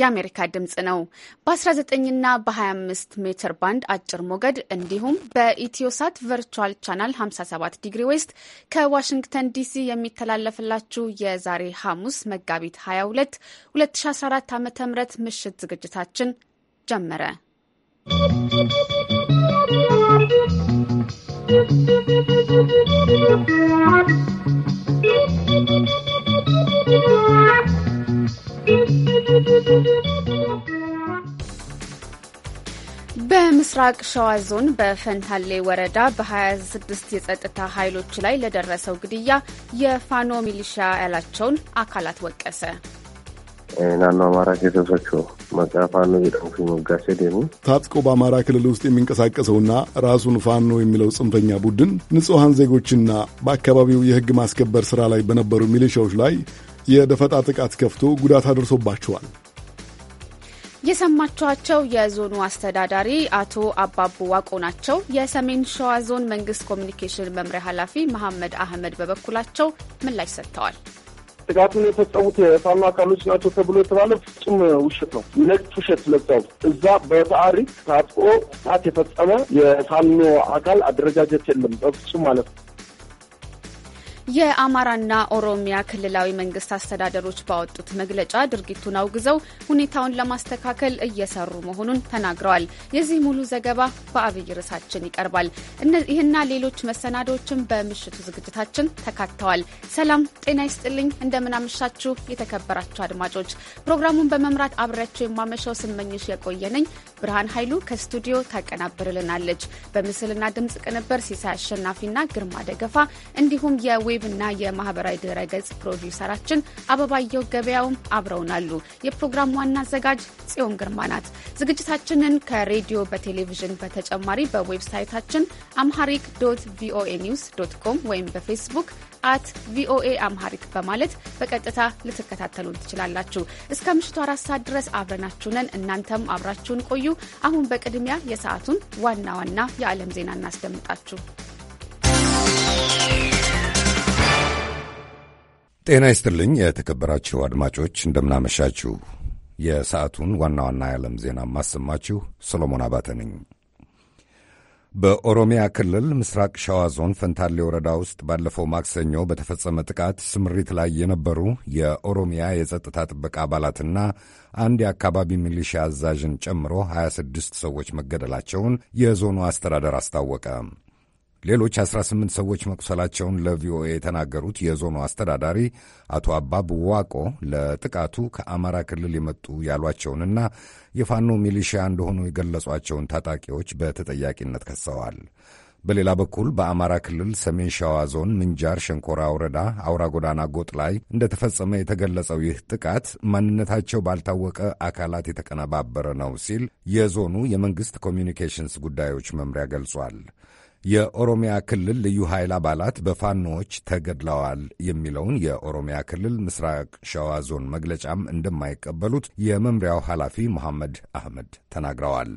የአሜሪካ ድምፅ ነው። በ19ና በ25 ሜትር ባንድ አጭር ሞገድ እንዲሁም በኢትዮሳት ቨርቹዋል ቻናል 57 ዲግሪ ዌስት ከዋሽንግተን ዲሲ የሚተላለፍላችሁ የዛሬ ሐሙስ መጋቢት 22 2014 ዓ ም ምሽት ዝግጅታችን ጀመረ። በምስራቅ ሸዋ ዞን በፈንታሌ ወረዳ በ26 የጸጥታ ኃይሎች ላይ ለደረሰው ግድያ የፋኖ ሚሊሻ ያላቸውን አካላት ወቀሰ። ናኖ አማራ ሴቶሶቹ ፋኖ የጠንፉ መጋሴ ደሙ ታጥቆ በአማራ ክልል ውስጥ የሚንቀሳቀሰውና ራሱን ፋኖ የሚለው ጽንፈኛ ቡድን ንጹሐን ዜጎችና በአካባቢው የህግ ማስከበር ስራ ላይ በነበሩ ሚሊሻዎች ላይ የደፈጣ ጥቃት ከፍቶ ጉዳት አድርሶባቸዋል። የሰማችኋቸው የዞኑ አስተዳዳሪ አቶ አባቦ ዋቆ ናቸው። የሰሜን ሸዋ ዞን መንግስት ኮሚኒኬሽን መምሪያ ኃላፊ መሐመድ አህመድ በበኩላቸው ምላሽ ሰጥተዋል። ጥቃቱን የፈጸሙት የፋኖ አካሎች ናቸው ተብሎ የተባለ ፍጹም ውሸት ነው። ነጭ ውሸት ለብሰው እዛ በታሪክ ታጥቆ ጥቃት የፈጸመ የፋኖ አካል አደረጃጀት የለም በፍጹም ማለት ነው። የአማራና ኦሮሚያ ክልላዊ መንግስት አስተዳደሮች ባወጡት መግለጫ ድርጊቱን አውግዘው ሁኔታውን ለማስተካከል እየሰሩ መሆኑን ተናግረዋል። የዚህ ሙሉ ዘገባ በአብይ ርዕሳችን ይቀርባል። ይህና ሌሎች መሰናዶዎችን በምሽቱ ዝግጅታችን ተካተዋል። ሰላም ጤና ይስጥልኝ። እንደምናመሻችሁ የተከበራችሁ አድማጮች፣ ፕሮግራሙን በመምራት አብሬያቸው የማመሻው ስመኝሽ የቆየነኝ ብርሃን ኃይሉ ከስቱዲዮ ታቀናብርልናለች። በምስልና ድምፅ ቅንብር ሲሳይ አሸናፊና ግርማ ደገፋ እንዲሁም የ ዌብ እና የማህበራዊ ድረ ገጽ ፕሮዲውሰራችን አበባየው ገበያውም አብረውናሉ። የፕሮግራም ዋና አዘጋጅ ጽዮን ግርማ ናት። ዝግጅታችንን ከሬዲዮ በቴሌቪዥን በተጨማሪ በዌብሳይታችን አምሃሪክ ዶት ቪኦኤ ኒውስ ዶት ኮም ወይም በፌስቡክ አት ቪኦኤ አምሃሪክ በማለት በቀጥታ ልትከታተሉን ትችላላችሁ። እስከ ምሽቱ አራት ሰዓት ድረስ አብረናችሁ ነን። እናንተም አብራችሁን ቆዩ። አሁን በቅድሚያ የሰዓቱን ዋና ዋና የዓለም ዜና እናስደምጣችሁ። ጤና ይስጥልኝ የተከበራችሁ አድማጮች፣ እንደምናመሻችሁ። የሰዓቱን ዋና ዋና የዓለም ዜና የማሰማችሁ ሰሎሞን አባተ ነኝ። በኦሮሚያ ክልል ምስራቅ ሸዋ ዞን ፈንታሌ ወረዳ ውስጥ ባለፈው ማክሰኞ በተፈጸመ ጥቃት ስምሪት ላይ የነበሩ የኦሮሚያ የጸጥታ ጥበቃ አባላትና አንድ የአካባቢ ሚሊሻ አዛዥን ጨምሮ 26 ሰዎች መገደላቸውን የዞኑ አስተዳደር አስታወቀ። ሌሎች 18 ሰዎች መቁሰላቸውን ለቪኦኤ የተናገሩት የዞኑ አስተዳዳሪ አቶ አባብ ዋቆ ለጥቃቱ ከአማራ ክልል የመጡ ያሏቸውንና የፋኖ ሚሊሺያ እንደሆኑ የገለጿቸውን ታጣቂዎች በተጠያቂነት ከሰዋል። በሌላ በኩል በአማራ ክልል ሰሜን ሸዋ ዞን ምንጃር ሸንኮራ ወረዳ አውራ ጎዳና ጎጥ ላይ እንደተፈጸመ የተገለጸው ይህ ጥቃት ማንነታቸው ባልታወቀ አካላት የተቀነባበረ ነው ሲል የዞኑ የመንግሥት ኮሚኒኬሽንስ ጉዳዮች መምሪያ ገልጿል። የኦሮሚያ ክልል ልዩ ኃይል አባላት በፋኖዎች ተገድለዋል የሚለውን የኦሮሚያ ክልል ምስራቅ ሸዋ ዞን መግለጫም እንደማይቀበሉት የመምሪያው ኃላፊ መሐመድ አህመድ ተናግረዋል።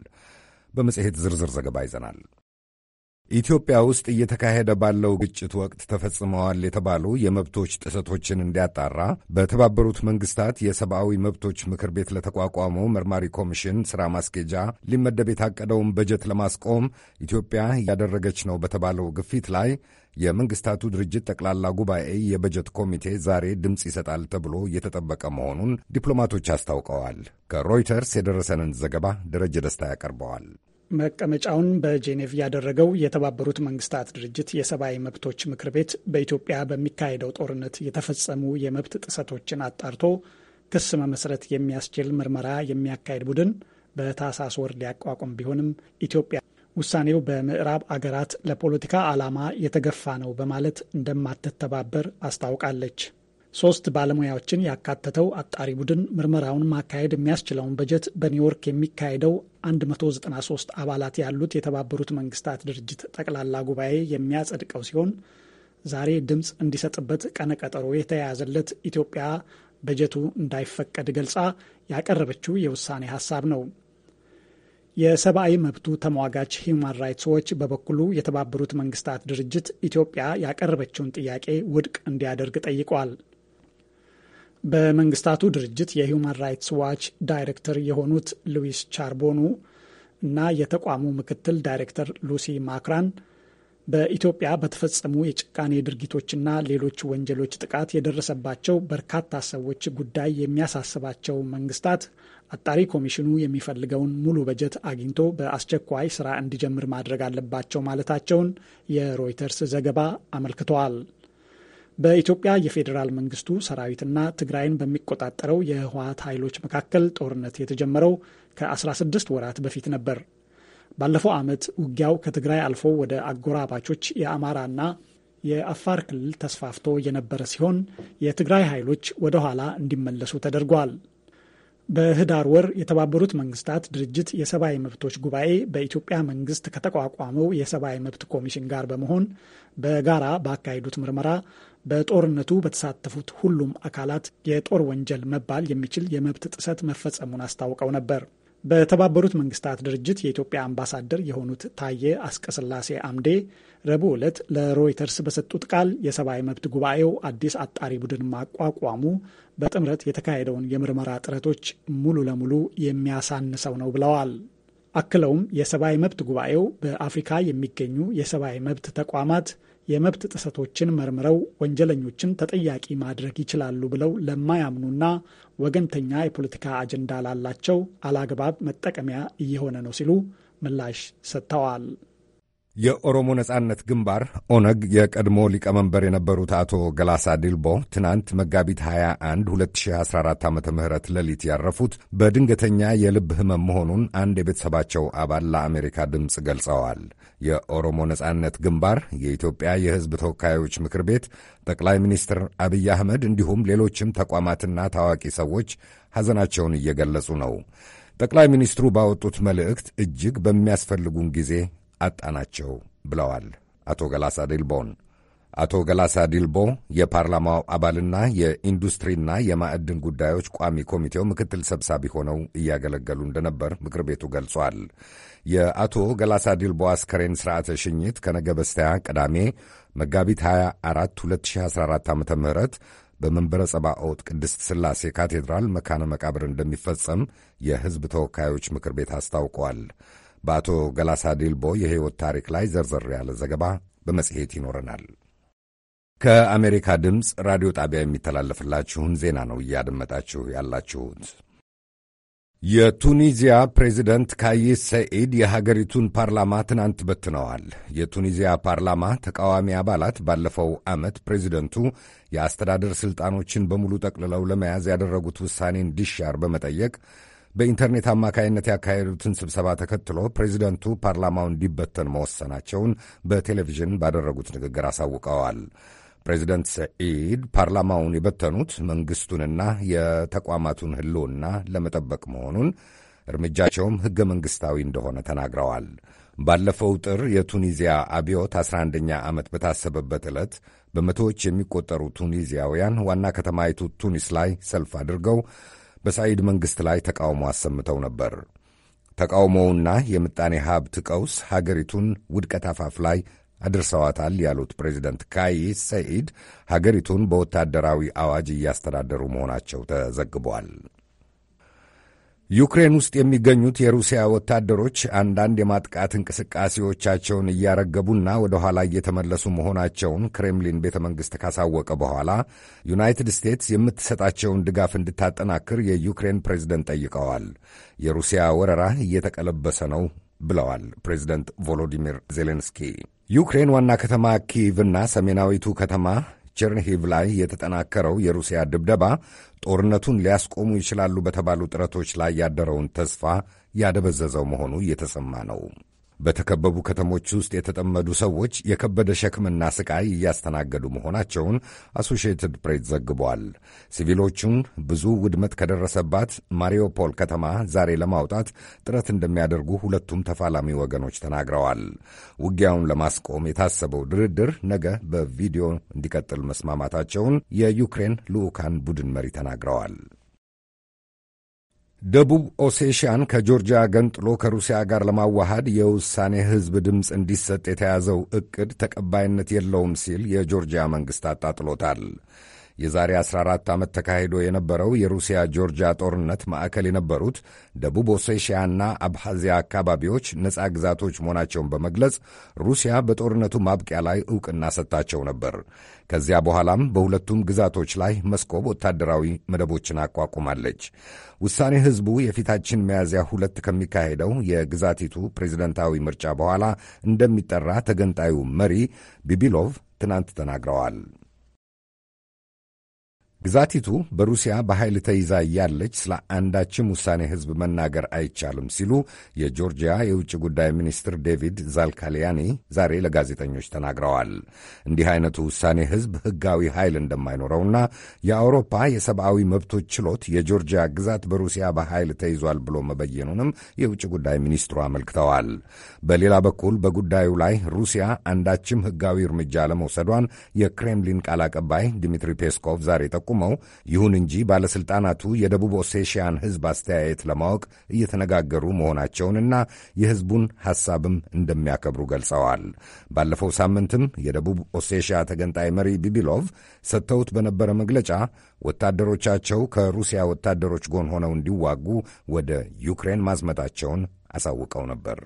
በመጽሔት ዝርዝር ዘገባ ይዘናል። ኢትዮጵያ ውስጥ እየተካሄደ ባለው ግጭት ወቅት ተፈጽመዋል የተባሉ የመብቶች ጥሰቶችን እንዲያጣራ በተባበሩት መንግስታት የሰብአዊ መብቶች ምክር ቤት ለተቋቋመው መርማሪ ኮሚሽን ስራ ማስኬጃ ሊመደብ የታቀደውን በጀት ለማስቆም ኢትዮጵያ እያደረገች ነው በተባለው ግፊት ላይ የመንግስታቱ ድርጅት ጠቅላላ ጉባኤ የበጀት ኮሚቴ ዛሬ ድምፅ ይሰጣል ተብሎ እየተጠበቀ መሆኑን ዲፕሎማቶች አስታውቀዋል። ከሮይተርስ የደረሰንን ዘገባ ደረጀ ደስታ ያቀርበዋል። መቀመጫውን በጄኔቭ ያደረገው የተባበሩት መንግስታት ድርጅት የሰብአዊ መብቶች ምክር ቤት በኢትዮጵያ በሚካሄደው ጦርነት የተፈጸሙ የመብት ጥሰቶችን አጣርቶ ክስ መመስረት የሚያስችል ምርመራ የሚያካሄድ ቡድን በታህሳስ ወር ሊያቋቁም ቢሆንም ኢትዮጵያ ውሳኔው በምዕራብ አገራት ለፖለቲካ ዓላማ የተገፋ ነው በማለት እንደማትተባበር አስታውቃለች። ሶስት ባለሙያዎችን ያካተተው አጣሪ ቡድን ምርመራውን ማካሄድ የሚያስችለውን በጀት በኒውዮርክ የሚካሄደው 193 አባላት ያሉት የተባበሩት መንግስታት ድርጅት ጠቅላላ ጉባኤ የሚያጸድቀው ሲሆን ዛሬ ድምፅ እንዲሰጥበት ቀነቀጠሮ የተያያዘለት ኢትዮጵያ በጀቱ እንዳይፈቀድ ገልጻ ያቀረበችው የውሳኔ ሀሳብ ነው። የሰብአዊ መብቱ ተሟጋች ሂውማን ራይትስ ዎች በበኩሉ የተባበሩት መንግስታት ድርጅት ኢትዮጵያ ያቀረበችውን ጥያቄ ውድቅ እንዲያደርግ ጠይቋል። በመንግስታቱ ድርጅት የሂውማን ራይትስ ዋች ዳይሬክተር የሆኑት ሉዊስ ቻርቦኑ እና የተቋሙ ምክትል ዳይሬክተር ሉሲ ማክራን በኢትዮጵያ በተፈጸሙ የጭካኔ ድርጊቶችና ሌሎች ወንጀሎች ጥቃት የደረሰባቸው በርካታ ሰዎች ጉዳይ የሚያሳስባቸው መንግስታት አጣሪ ኮሚሽኑ የሚፈልገውን ሙሉ በጀት አግኝቶ በአስቸኳይ ስራ እንዲጀምር ማድረግ አለባቸው ማለታቸውን የሮይተርስ ዘገባ አመልክተዋል። በኢትዮጵያ የፌዴራል መንግስቱ ሰራዊትና ትግራይን በሚቆጣጠረው የህወሀት ኃይሎች መካከል ጦርነት የተጀመረው ከ16 ወራት በፊት ነበር። ባለፈው ዓመት ውጊያው ከትግራይ አልፎ ወደ አጎራባቾች የአማራና የአፋር ክልል ተስፋፍቶ የነበረ ሲሆን የትግራይ ኃይሎች ወደ ኋላ እንዲመለሱ ተደርጓል። በህዳር ወር የተባበሩት መንግስታት ድርጅት የሰብአዊ መብቶች ጉባኤ በኢትዮጵያ መንግስት ከተቋቋመው የሰብአዊ መብት ኮሚሽን ጋር በመሆን በጋራ ባካሄዱት ምርመራ በጦርነቱ በተሳተፉት ሁሉም አካላት የጦር ወንጀል መባል የሚችል የመብት ጥሰት መፈጸሙን አስታውቀው ነበር። በተባበሩት መንግስታት ድርጅት የኢትዮጵያ አምባሳደር የሆኑት ታዬ አስቀስላሴ አምዴ ረቡዕ ዕለት ለሮይተርስ በሰጡት ቃል የሰብአዊ መብት ጉባኤው አዲስ አጣሪ ቡድን ማቋቋሙ በጥምረት የተካሄደውን የምርመራ ጥረቶች ሙሉ ለሙሉ የሚያሳንሰው ነው ብለዋል። አክለውም የሰብአዊ መብት ጉባኤው በአፍሪካ የሚገኙ የሰብአዊ መብት ተቋማት የመብት ጥሰቶችን መርምረው ወንጀለኞችን ተጠያቂ ማድረግ ይችላሉ ብለው ለማያምኑና ወገንተኛ የፖለቲካ አጀንዳ ላላቸው አላግባብ መጠቀሚያ እየሆነ ነው ሲሉ ምላሽ ሰጥተዋል። የኦሮሞ ነጻነት ግንባር ኦነግ የቀድሞ ሊቀመንበር የነበሩት አቶ ገላሳ ዲልቦ ትናንት መጋቢት 21 2014 ዓ ም ሌሊት ያረፉት በድንገተኛ የልብ ህመም መሆኑን አንድ የቤተሰባቸው አባል ለአሜሪካ ድምፅ ገልጸዋል። የኦሮሞ ነጻነት ግንባር፣ የኢትዮጵያ የህዝብ ተወካዮች ምክር ቤት፣ ጠቅላይ ሚኒስትር አብይ አህመድ እንዲሁም ሌሎችም ተቋማትና ታዋቂ ሰዎች ሐዘናቸውን እየገለጹ ነው። ጠቅላይ ሚኒስትሩ ባወጡት መልእክት እጅግ በሚያስፈልጉን ጊዜ አጣናቸው ብለዋል አቶ ገላሳ ዲልቦን። አቶ ገላሳ ዲልቦ የፓርላማው አባልና የኢንዱስትሪና የማዕድን ጉዳዮች ቋሚ ኮሚቴው ምክትል ሰብሳቢ ሆነው እያገለገሉ እንደነበር ምክር ቤቱ ገልጿል። የአቶ ገላሳ ዲልቦ አስከሬን ስርዓተ ሽኝት ከነገ በስቲያ ቅዳሜ መጋቢት 24 2014 ዓ ም በመንበረ ጸባኦት ቅድስት ሥላሴ ካቴድራል መካነ መቃብር እንደሚፈጸም የሕዝብ ተወካዮች ምክር ቤት አስታውቋል። በአቶ ገላሳ ዲልቦ የሕይወት ታሪክ ላይ ዘርዘር ያለ ዘገባ በመጽሔት ይኖረናል። ከአሜሪካ ድምፅ ራዲዮ ጣቢያ የሚተላለፍላችሁን ዜና ነው እያደመጣችሁ ያላችሁት። የቱኒዚያ ፕሬዚደንት ካይስ ሰኢድ የሀገሪቱን ፓርላማ ትናንት በትነዋል። የቱኒዚያ ፓርላማ ተቃዋሚ አባላት ባለፈው ዓመት ፕሬዚደንቱ የአስተዳደር ሥልጣኖችን በሙሉ ጠቅልለው ለመያዝ ያደረጉት ውሳኔ እንዲሻር በመጠየቅ በኢንተርኔት አማካይነት ያካሄዱትን ስብሰባ ተከትሎ ፕሬዚደንቱ ፓርላማው እንዲበተን መወሰናቸውን በቴሌቪዥን ባደረጉት ንግግር አሳውቀዋል። ፕሬዚደንት ሰዒድ ፓርላማውን የበተኑት መንግስቱንና የተቋማቱን ሕልውና ለመጠበቅ መሆኑን እርምጃቸውም ሕገ መንግሥታዊ እንደሆነ ተናግረዋል። ባለፈው ጥር የቱኒዚያ አብዮት 11ኛ ዓመት በታሰበበት ዕለት በመቶዎች የሚቆጠሩ ቱኒዚያውያን ዋና ከተማይቱ ቱኒስ ላይ ሰልፍ አድርገው በሳይድ መንግሥት ላይ ተቃውሞ አሰምተው ነበር። ተቃውሞውና የምጣኔ ሀብት ቀውስ ሀገሪቱን ውድቀት አፋፍ ላይ አድርሰዋታል ያሉት ፕሬዚደንት ካይስ ሰኢድ ሀገሪቱን በወታደራዊ አዋጅ እያስተዳደሩ መሆናቸው ተዘግቧል። ዩክሬን ውስጥ የሚገኙት የሩሲያ ወታደሮች አንዳንድ የማጥቃት እንቅስቃሴዎቻቸውን እያረገቡና ወደ ኋላ እየተመለሱ መሆናቸውን ክሬምሊን ቤተ መንግሥት ካሳወቀ በኋላ ዩናይትድ ስቴትስ የምትሰጣቸውን ድጋፍ እንድታጠናክር የዩክሬን ፕሬዝደንት ጠይቀዋል። የሩሲያ ወረራ እየተቀለበሰ ነው ብለዋል ፕሬዝደንት ቮሎዲሚር ዜሌንስኪ። ዩክሬን ዋና ከተማ ኪቭና ሰሜናዊቱ ከተማ ቸርንሂቭ ላይ የተጠናከረው የሩሲያ ድብደባ ጦርነቱን ሊያስቆሙ ይችላሉ በተባሉ ጥረቶች ላይ ያደረውን ተስፋ ያደበዘዘው መሆኑ እየተሰማ ነው። በተከበቡ ከተሞች ውስጥ የተጠመዱ ሰዎች የከበደ ሸክምና ስቃይ እያስተናገዱ መሆናቸውን አሶሺየትድ ፕሬስ ዘግቧል። ሲቪሎቹን ብዙ ውድመት ከደረሰባት ማሪዮፖል ከተማ ዛሬ ለማውጣት ጥረት እንደሚያደርጉ ሁለቱም ተፋላሚ ወገኖች ተናግረዋል። ውጊያውን ለማስቆም የታሰበው ድርድር ነገ በቪዲዮ እንዲቀጥል መስማማታቸውን የዩክሬን ልዑካን ቡድን መሪ ተናግረዋል። ደቡብ ኦሴሽያን ከጆርጂያ ገንጥሎ ከሩሲያ ጋር ለማዋሃድ የውሳኔ ሕዝብ ድምፅ እንዲሰጥ የተያዘው ዕቅድ ተቀባይነት የለውም ሲል የጆርጂያ መንግሥት አጣጥሎታል። የዛሬ 14 ዓመት ተካሂዶ የነበረው የሩሲያ ጆርጂያ ጦርነት ማዕከል የነበሩት ደቡብ ኦሴሽያና አብሐዚያ አካባቢዎች ነፃ ግዛቶች መሆናቸውን በመግለጽ ሩሲያ በጦርነቱ ማብቂያ ላይ ዕውቅና ሰጥታቸው ነበር። ከዚያ በኋላም በሁለቱም ግዛቶች ላይ መስኮብ ወታደራዊ መደቦችን አቋቁማለች። ውሳኔ ሕዝቡ የፊታችን ሚያዝያ ሁለት ከሚካሄደው የግዛቲቱ ፕሬዝደንታዊ ምርጫ በኋላ እንደሚጠራ ተገንጣዩ መሪ ቢቢሎቭ ትናንት ተናግረዋል። ግዛቲቱ በሩሲያ በኃይል ተይዛ እያለች ስለ አንዳችም ውሳኔ ሕዝብ መናገር አይቻልም ሲሉ የጆርጂያ የውጭ ጉዳይ ሚኒስትር ዴቪድ ዛልካሊያኒ ዛሬ ለጋዜጠኞች ተናግረዋል። እንዲህ አይነቱ ውሳኔ ሕዝብ ሕጋዊ ኃይል እንደማይኖረውና የአውሮፓ የሰብአዊ መብቶች ችሎት የጆርጂያ ግዛት በሩሲያ በኃይል ተይዟል ብሎ መበየኑንም የውጭ ጉዳይ ሚኒስትሩ አመልክተዋል። በሌላ በኩል በጉዳዩ ላይ ሩሲያ አንዳችም ሕጋዊ እርምጃ ለመውሰዷን የክሬምሊን ቃል አቀባይ ዲሚትሪ ፔስኮቭ ዛሬ ጠቁ ጠቁመው፣ ይሁን እንጂ ባለሥልጣናቱ የደቡብ ኦሴሽያን ሕዝብ አስተያየት ለማወቅ እየተነጋገሩ መሆናቸውንና የሕዝቡን ሐሳብም እንደሚያከብሩ ገልጸዋል። ባለፈው ሳምንትም የደቡብ ኦሴሽያ ተገንጣይ መሪ ቢቢሎቭ ሰጥተውት በነበረ መግለጫ ወታደሮቻቸው ከሩሲያ ወታደሮች ጎን ሆነው እንዲዋጉ ወደ ዩክሬን ማዝመታቸውን አሳውቀው ነበር።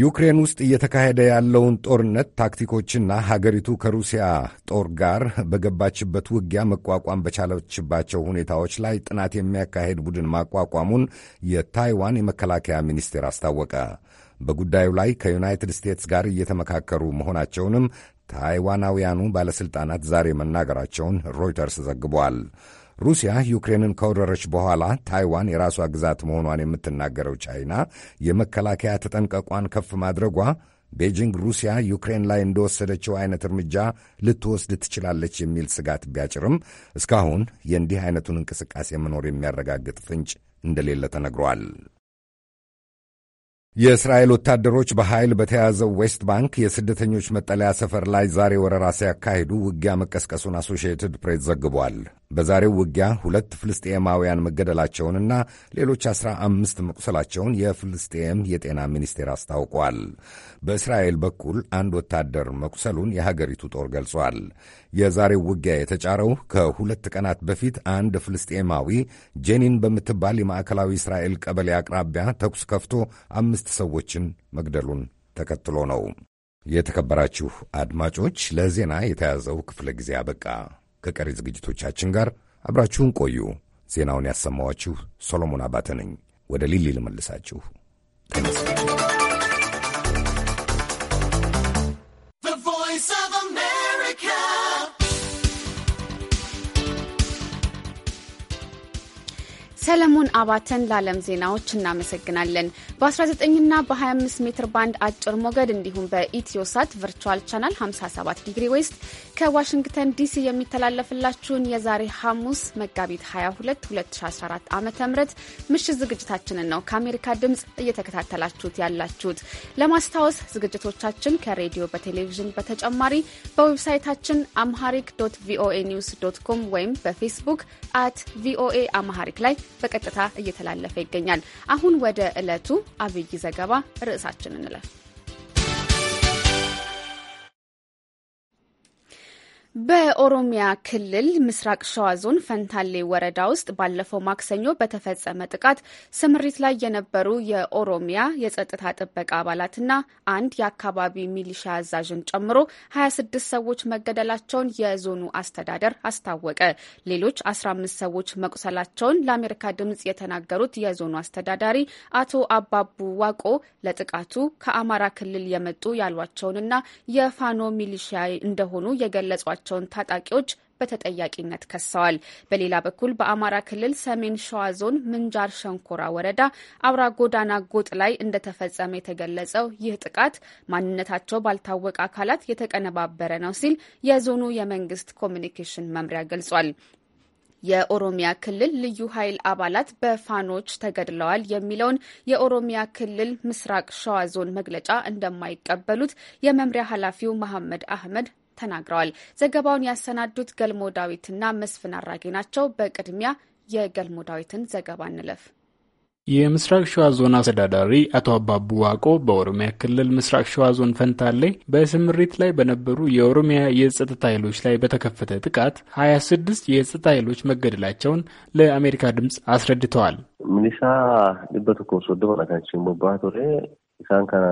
ዩክሬን ውስጥ እየተካሄደ ያለውን ጦርነት ታክቲኮችና ሀገሪቱ ከሩሲያ ጦር ጋር በገባችበት ውጊያ መቋቋም በቻለችባቸው ሁኔታዎች ላይ ጥናት የሚያካሄድ ቡድን ማቋቋሙን የታይዋን የመከላከያ ሚኒስቴር አስታወቀ። በጉዳዩ ላይ ከዩናይትድ ስቴትስ ጋር እየተመካከሩ መሆናቸውንም ታይዋናውያኑ ባለሥልጣናት ዛሬ መናገራቸውን ሮይተርስ ዘግቧል። ሩሲያ ዩክሬንን ከወረረች በኋላ ታይዋን የራሷ ግዛት መሆኗን የምትናገረው ቻይና የመከላከያ ተጠንቀቋን ከፍ ማድረጓ ቤጂንግ ሩሲያ ዩክሬን ላይ እንደወሰደችው አይነት እርምጃ ልትወስድ ትችላለች የሚል ስጋት ቢያጭርም እስካሁን የእንዲህ አይነቱን እንቅስቃሴ መኖር የሚያረጋግጥ ፍንጭ እንደሌለ ተነግሯል። የእስራኤል ወታደሮች በኃይል በተያዘው ዌስት ባንክ የስደተኞች መጠለያ ሰፈር ላይ ዛሬ ወረራ ሲያካሂዱ ውጊያ መቀስቀሱን አሶሺየትድ ፕሬስ ዘግቧል። በዛሬው ውጊያ ሁለት ፍልስጤማውያን መገደላቸውንና ሌሎች አስራ አምስት መቁሰላቸውን የፍልስጤም የጤና ሚኒስቴር አስታውቋል። በእስራኤል በኩል አንድ ወታደር መቁሰሉን የሀገሪቱ ጦር ገልጿል። የዛሬው ውጊያ የተጫረው ከሁለት ቀናት በፊት አንድ ፍልስጤማዊ ጄኒን በምትባል የማዕከላዊ እስራኤል ቀበሌ አቅራቢያ ተኩስ ከፍቶ አምስት ሰዎችን መግደሉን ተከትሎ ነው። የተከበራችሁ አድማጮች፣ ለዜና የተያዘው ክፍለ ጊዜ አበቃ። ከቀሪ ዝግጅቶቻችን ጋር አብራችሁን ቆዩ። ዜናውን ያሰማኋችሁ ሰሎሞን አባተ ነኝ። ወደ ሊሊ ልመልሳችሁ። ሰለሞን አባተን ለዓለም ዜናዎች እናመሰግናለን። በ19ና በ25 ሜትር ባንድ አጭር ሞገድ እንዲሁም በኢትዮሳት ቨርቹዋል ቻናል 57 ዲግሪ ዌስት ከዋሽንግተን ዲሲ የሚተላለፍላችሁን የዛሬ ሐሙስ መጋቢት 22 2014 ዓ ም ምሽት ዝግጅታችንን ነው ከአሜሪካ ድምፅ እየተከታተላችሁት ያላችሁት። ለማስታወስ ዝግጅቶቻችን ከሬዲዮ በቴሌቪዥን በተጨማሪ በዌብሳይታችን አምሃሪክ ዶት ቪኦኤ ኒውስ ዶት ኮም ወይም በፌስቡክ አት ቪኦኤ አምሃሪክ ላይ በቀጥታ እየተላለፈ ይገኛል። አሁን ወደ ዕለቱ አብይ ዘገባ ርዕሳችን እንለፍ። በኦሮሚያ ክልል ምስራቅ ሸዋ ዞን ፈንታሌ ወረዳ ውስጥ ባለፈው ማክሰኞ በተፈጸመ ጥቃት ስምሪት ላይ የነበሩ የኦሮሚያ የጸጥታ ጥበቃ አባላትና አንድ የአካባቢ ሚሊሻ አዛዥን ጨምሮ 26 ሰዎች መገደላቸውን የዞኑ አስተዳደር አስታወቀ። ሌሎች 15 ሰዎች መቁሰላቸውን ለአሜሪካ ድምጽ የተናገሩት የዞኑ አስተዳዳሪ አቶ አባቡ ዋቆ ለጥቃቱ ከአማራ ክልል የመጡ ያሏቸውንና የፋኖ ሚሊሻ እንደሆኑ የገለጿቸው ያላቸውን ታጣቂዎች በተጠያቂነት ከሰዋል። በሌላ በኩል በአማራ ክልል ሰሜን ሸዋ ዞን ምንጃር ሸንኮራ ወረዳ አብራ ጎዳና ጎጥ ላይ እንደተፈጸመ የተገለጸው ይህ ጥቃት ማንነታቸው ባልታወቀ አካላት የተቀነባበረ ነው ሲል የዞኑ የመንግስት ኮሚኒኬሽን መምሪያ ገልጿል። የኦሮሚያ ክልል ልዩ ኃይል አባላት በፋኖች ተገድለዋል የሚለውን የኦሮሚያ ክልል ምስራቅ ሸዋ ዞን መግለጫ እንደማይቀበሉት የመምሪያ ኃላፊው መሐመድ አህመድ ተናግረዋል። ዘገባውን ያሰናዱት ገልሞ ዳዊትና መስፍን አራጌ ናቸው። በቅድሚያ የገልሞ ዳዊትን ዘገባ እንለፍ። የምስራቅ ሸዋ ዞን አስተዳዳሪ አቶ አባቡ ዋቆ በኦሮሚያ ክልል ምስራቅ ሸዋ ዞን ፈንታሌ በስምሪት ላይ በነበሩ የኦሮሚያ የጸጥታ ኃይሎች ላይ በተከፈተ ጥቃት 26 የጸጥታ ኃይሎች መገደላቸውን ለአሜሪካ ድምፅ አስረድተዋል። ሚኒሻ ድበትኮ ሶዶ መቃችን ሞባቶ ኢሳን ከና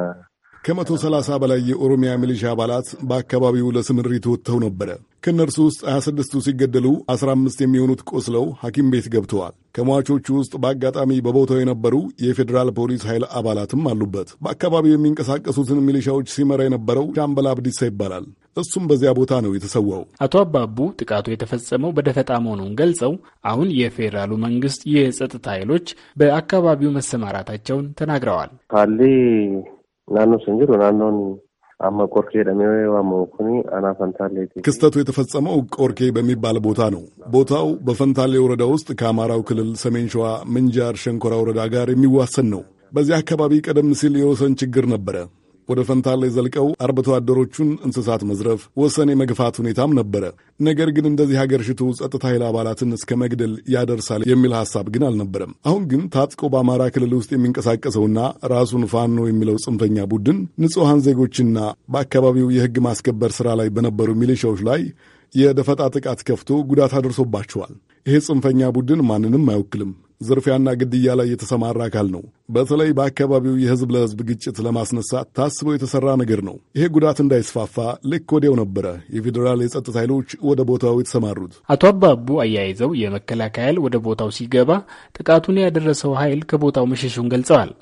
ከመቶ ሰላሳ በላይ የኦሮሚያ ሚሊሻ አባላት በአካባቢው ለስምሪት ወጥተው ነበረ። ከእነርሱ ውስጥ 26ቱ ሲገደሉ 15 የሚሆኑት ቆስለው ሐኪም ቤት ገብተዋል። ከሟቾቹ ውስጥ በአጋጣሚ በቦታው የነበሩ የፌዴራል ፖሊስ ኃይል አባላትም አሉበት። በአካባቢው የሚንቀሳቀሱትን ሚሊሻዎች ሲመራ የነበረው ሻምበል አብዲሳ ይባላል። እሱም በዚያ ቦታ ነው የተሰዋው። አቶ አባቡ ጥቃቱ የተፈጸመው በደፈጣ መሆኑን ገልጸው አሁን የፌዴራሉ መንግስት የጸጥታ ኃይሎች በአካባቢው መሰማራታቸውን ተናግረዋል። ናኖ ስንጅሩ ናኖን አማ ቆርኬ ክስተቱ የተፈጸመው ቆርኬ በሚባል ቦታ ነው። ቦታው በፈንታሌ ወረዳ ውስጥ ከአማራው ክልል ሰሜን ሸዋ ምንጃር ሸንኮራ ወረዳ ጋር የሚዋሰን ነው። በዚህ አካባቢ ቀደም ሲል የወሰን ችግር ነበረ። ወደ ፈንታሌ ዘልቀው አርብቶ አደሮቹን እንስሳት መዝረፍ፣ ወሰን የመግፋት ሁኔታም ነበረ። ነገር ግን እንደዚህ ሀገር ሽቶ ጸጥታ ኃይል አባላትን እስከ መግደል ያደርሳል የሚል ሀሳብ ግን አልነበረም። አሁን ግን ታጥቆ በአማራ ክልል ውስጥ የሚንቀሳቀሰውና ራሱን ፋኖ የሚለው ጽንፈኛ ቡድን ንጹሐን ዜጎችና በአካባቢው የሕግ ማስከበር ስራ ላይ በነበሩ ሚሊሻዎች ላይ የደፈጣ ጥቃት ከፍቶ ጉዳት አድርሶባቸዋል። ይሄ ጽንፈኛ ቡድን ማንንም አይወክልም። ዝርፊያና ግድያ ላይ የተሰማራ አካል ነው። በተለይ በአካባቢው የህዝብ ለህዝብ ግጭት ለማስነሳት ታስቦ የተሰራ ነገር ነው። ይሄ ጉዳት እንዳይስፋፋ ልክ ወዲያው ነበረ የፌዴራል የጸጥታ ኃይሎች ወደ ቦታው የተሰማሩት። አቶ አባቡ አያይዘው የመከላከያ ኃይል ወደ ቦታው ሲገባ ጥቃቱን ያደረሰው ኃይል ከቦታው መሸሹን ገልጸዋል።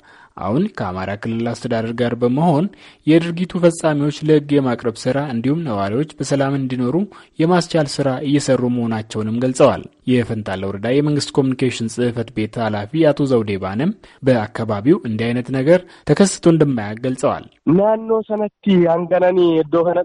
አሁን ከአማራ ክልል አስተዳደር ጋር በመሆን የድርጊቱ ፈጻሚዎች ለሕግ የማቅረብ ስራ እንዲሁም ነዋሪዎች በሰላም እንዲኖሩ የማስቻል ስራ እየሰሩ መሆናቸውንም ገልጸዋል። የፈንታለ ወረዳ የመንግስት ኮሚኒኬሽን ጽህፈት ቤት ኃላፊ አቶ ዘውዴ ባነም በአካባቢው እንዲህ አይነት ነገር ተከስቶ እንደማያውቅ ገልጸዋል። ናኖ ሰነቲ አንገናኒ ዶ ከነ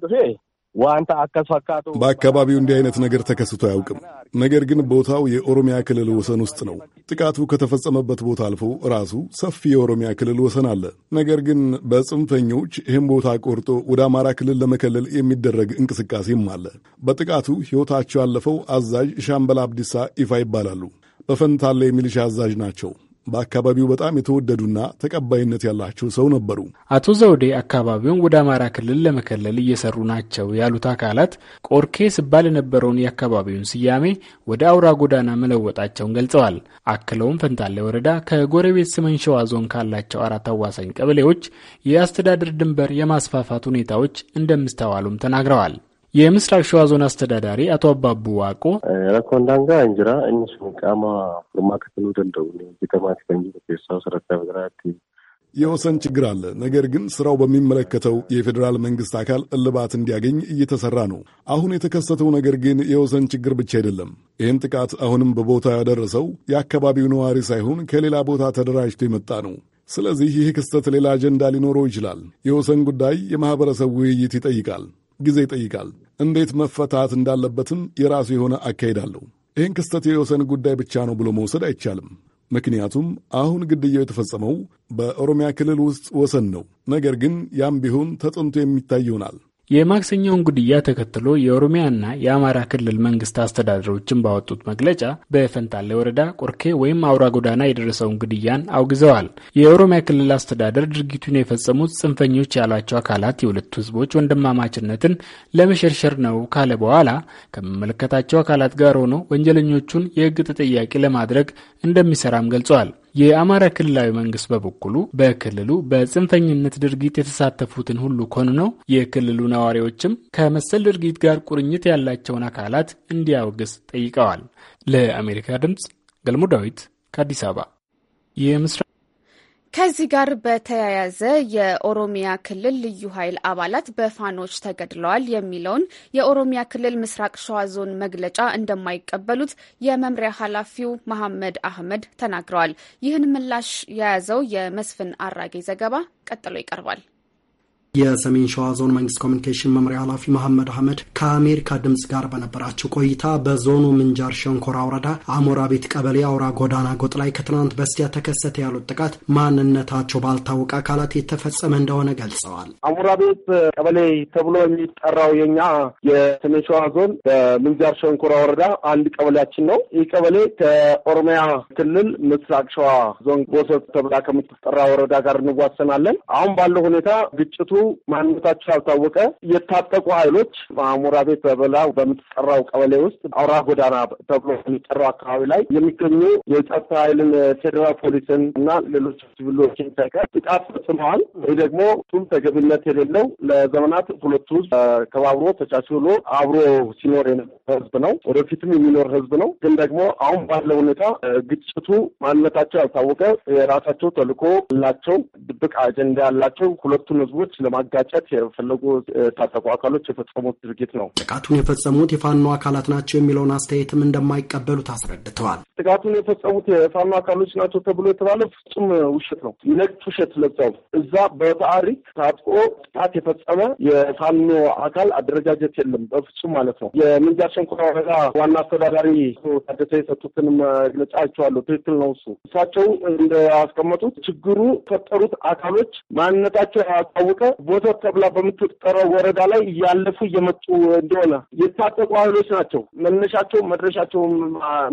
በአካባቢው እንዲህ አይነት ነገር ተከስቶ አያውቅም። ነገር ግን ቦታው የኦሮሚያ ክልል ወሰን ውስጥ ነው። ጥቃቱ ከተፈጸመበት ቦታ አልፎ ራሱ ሰፊ የኦሮሚያ ክልል ወሰን አለ። ነገር ግን በጽንፈኞች ይህም ቦታ ቆርጦ ወደ አማራ ክልል ለመከለል የሚደረግ እንቅስቃሴም አለ። በጥቃቱ ሕይወታቸው ያለፈው አዛዥ ሻምበል አብዲሳ ይፋ ይባላሉ። በፈንታለ የሚሊሻ አዛዥ ናቸው። በአካባቢው በጣም የተወደዱና ተቀባይነት ያላቸው ሰው ነበሩ። አቶ ዘውዴ አካባቢውን ወደ አማራ ክልል ለመከለል እየሰሩ ናቸው ያሉት አካላት ቆርኬ ስባል የነበረውን የአካባቢውን ስያሜ ወደ አውራ ጎዳና መለወጣቸውን ገልጸዋል። አክለውም ፈንታሌ ወረዳ ከጎረቤት ሰሜን ሸዋ ዞን ካላቸው አራት አዋሳኝ ቀበሌዎች የአስተዳደር ድንበር የማስፋፋት ሁኔታዎች እንደሚስተዋሉም ተናግረዋል። የምስራቅ ሸዋ ዞን አስተዳዳሪ አቶ አባቡ ዋቆ ረኮንዳንጋ እንጅራ እኒሱ ቃማ ሩማ ደንደው ጅቀማ ሲፈኝ ሰረታ የወሰን ችግር አለ። ነገር ግን ስራው በሚመለከተው የፌዴራል መንግስት አካል እልባት እንዲያገኝ እየተሰራ ነው። አሁን የተከሰተው ነገር ግን የወሰን ችግር ብቻ አይደለም። ይህን ጥቃት አሁንም በቦታ ያደረሰው የአካባቢው ነዋሪ ሳይሆን ከሌላ ቦታ ተደራጅቶ የመጣ ነው። ስለዚህ ይህ ክስተት ሌላ አጀንዳ ሊኖረው ይችላል። የወሰን ጉዳይ የማህበረሰብ ውይይት ይጠይቃል። ጊዜ ይጠይቃል። እንዴት መፈታት እንዳለበትም የራሱ የሆነ አካሄድ አለው። ይህን ክስተት የወሰን ጉዳይ ብቻ ነው ብሎ መውሰድ አይቻልም። ምክንያቱም አሁን ግድያው የተፈጸመው በኦሮሚያ ክልል ውስጥ ወሰን ነው። ነገር ግን ያም ቢሆን ተጥንቶ የሚታይ ይሆናል። የማክሰኛውን ግድያ ተከትሎ የኦሮሚያና የአማራ ክልል መንግስት አስተዳደሮችን ባወጡት መግለጫ በፈንታሌ ወረዳ ቆርኬ ወይም አውራ ጎዳና የደረሰውን ግድያን አውግዘዋል። የኦሮሚያ ክልል አስተዳደር ድርጊቱን የፈጸሙት ጽንፈኞች ያሏቸው አካላት የሁለቱ ህዝቦች ወንድማማችነትን ለመሸርሸር ነው ካለ በኋላ ከሚመለከታቸው አካላት ጋር ሆኖ ወንጀለኞቹን የህግ ተጠያቂ ለማድረግ እንደሚሰራም ገልጸዋል። የአማራ ክልላዊ መንግስት በበኩሉ በክልሉ በጽንፈኝነት ድርጊት የተሳተፉትን ሁሉ ኮንነው የክልሉ ነዋሪዎችም ከመሰል ድርጊት ጋር ቁርኝት ያላቸውን አካላት እንዲያውግስ ጠይቀዋል። ለአሜሪካ ድምፅ ገልሞ ዳዊት ከአዲስ አበባ የምስራ ከዚህ ጋር በተያያዘ የኦሮሚያ ክልል ልዩ ኃይል አባላት በፋኖች ተገድለዋል የሚለውን የኦሮሚያ ክልል ምስራቅ ሸዋ ዞን መግለጫ እንደማይቀበሉት የመምሪያ ኃላፊው መሐመድ አህመድ ተናግረዋል። ይህን ምላሽ የያዘው የመስፍን አራጌ ዘገባ ቀጥሎ ይቀርባል። የሰሜን ሸዋ ዞን መንግስት ኮሚኒኬሽን መምሪያ ኃላፊ መሐመድ አህመድ ከአሜሪካ ድምፅ ጋር በነበራቸው ቆይታ በዞኑ ምንጃር ሸንኮራ ወረዳ አሞራ ቤት ቀበሌ አውራ ጎዳና ጎጥ ላይ ከትናንት በስቲያ ተከሰተ ያሉት ጥቃት ማንነታቸው ባልታወቀ አካላት የተፈጸመ እንደሆነ ገልጸዋል። አሞራ ቤት ቀበሌ ተብሎ የሚጠራው የኛ የሰሜን ሸዋ ዞን በምንጃር ሸንኮራ ወረዳ አንድ ቀበሌያችን ነው። ይህ ቀበሌ ከኦሮሚያ ክልል ምስራቅ ሸዋ ዞን ቦሰት ተብላ ከምትጠራ ወረዳ ጋር እንዋሰናለን። አሁን ባለው ሁኔታ ግጭቱ ማንነታቸው ያልታወቀ የታጠቁ ኃይሎች ማሙራ ቤት በበላ በምትጠራው ቀበሌ ውስጥ አውራ ጎዳና ተብሎ የሚጠራው አካባቢ ላይ የሚገኙ የጸጥታ ኃይልን ፌዴራል ፖሊስን እና ሌሎች ሲቪሎችን ሳይቀር ጥቃት ፈጽመዋል። ይህ ደግሞ ቱም ተገቢነት የሌለው ለዘመናት ሁለቱ ህዝብ ከባብሮ ተቻችሎ አብሮ ሲኖር የነበረ ህዝብ ነው። ወደፊትም የሚኖር ህዝብ ነው። ግን ደግሞ አሁን ባለው ሁኔታ ግጭቱ ማንነታቸው ያልታወቀ የራሳቸው ተልዕኮ ያላቸው ድብቅ አጀንዳ ያላቸው ሁለቱን ህዝቦች ለማጋጨት የፈለጉ ታጠቁ አካሎች የፈጸሙት ድርጊት ነው። ጥቃቱን የፈጸሙት የፋኖ አካላት ናቸው የሚለውን አስተያየትም እንደማይቀበሉት አስረድተዋል። ጥቃቱን የፈጸሙት የፋኖ አካሎች ናቸው ተብሎ የተባለ ፍጹም ውሸት ነው። ነጭ ውሸት ለብሰው እዛ በታሪክ ታጥቆ ጥቃት የፈጸመ የፋኖ አካል አደረጃጀት የለም በፍጹም ማለት ነው። የምንጃር ሸንኮራ ወረዳ ዋና አስተዳዳሪ ታደሰ የሰጡትን መግለጫ አይቼዋለሁ። ትክክል ነው እሱ እሳቸው እንዳስቀመጡት ችግሩ ፈጠሩት አካሎች ማንነታቸው ያስታወቀ ቦቶት ተብላ በምትጠራው ወረዳ ላይ እያለፉ እየመጡ እንደሆነ የታጠቁ ኃይሎች ናቸው። መነሻቸው መድረሻቸው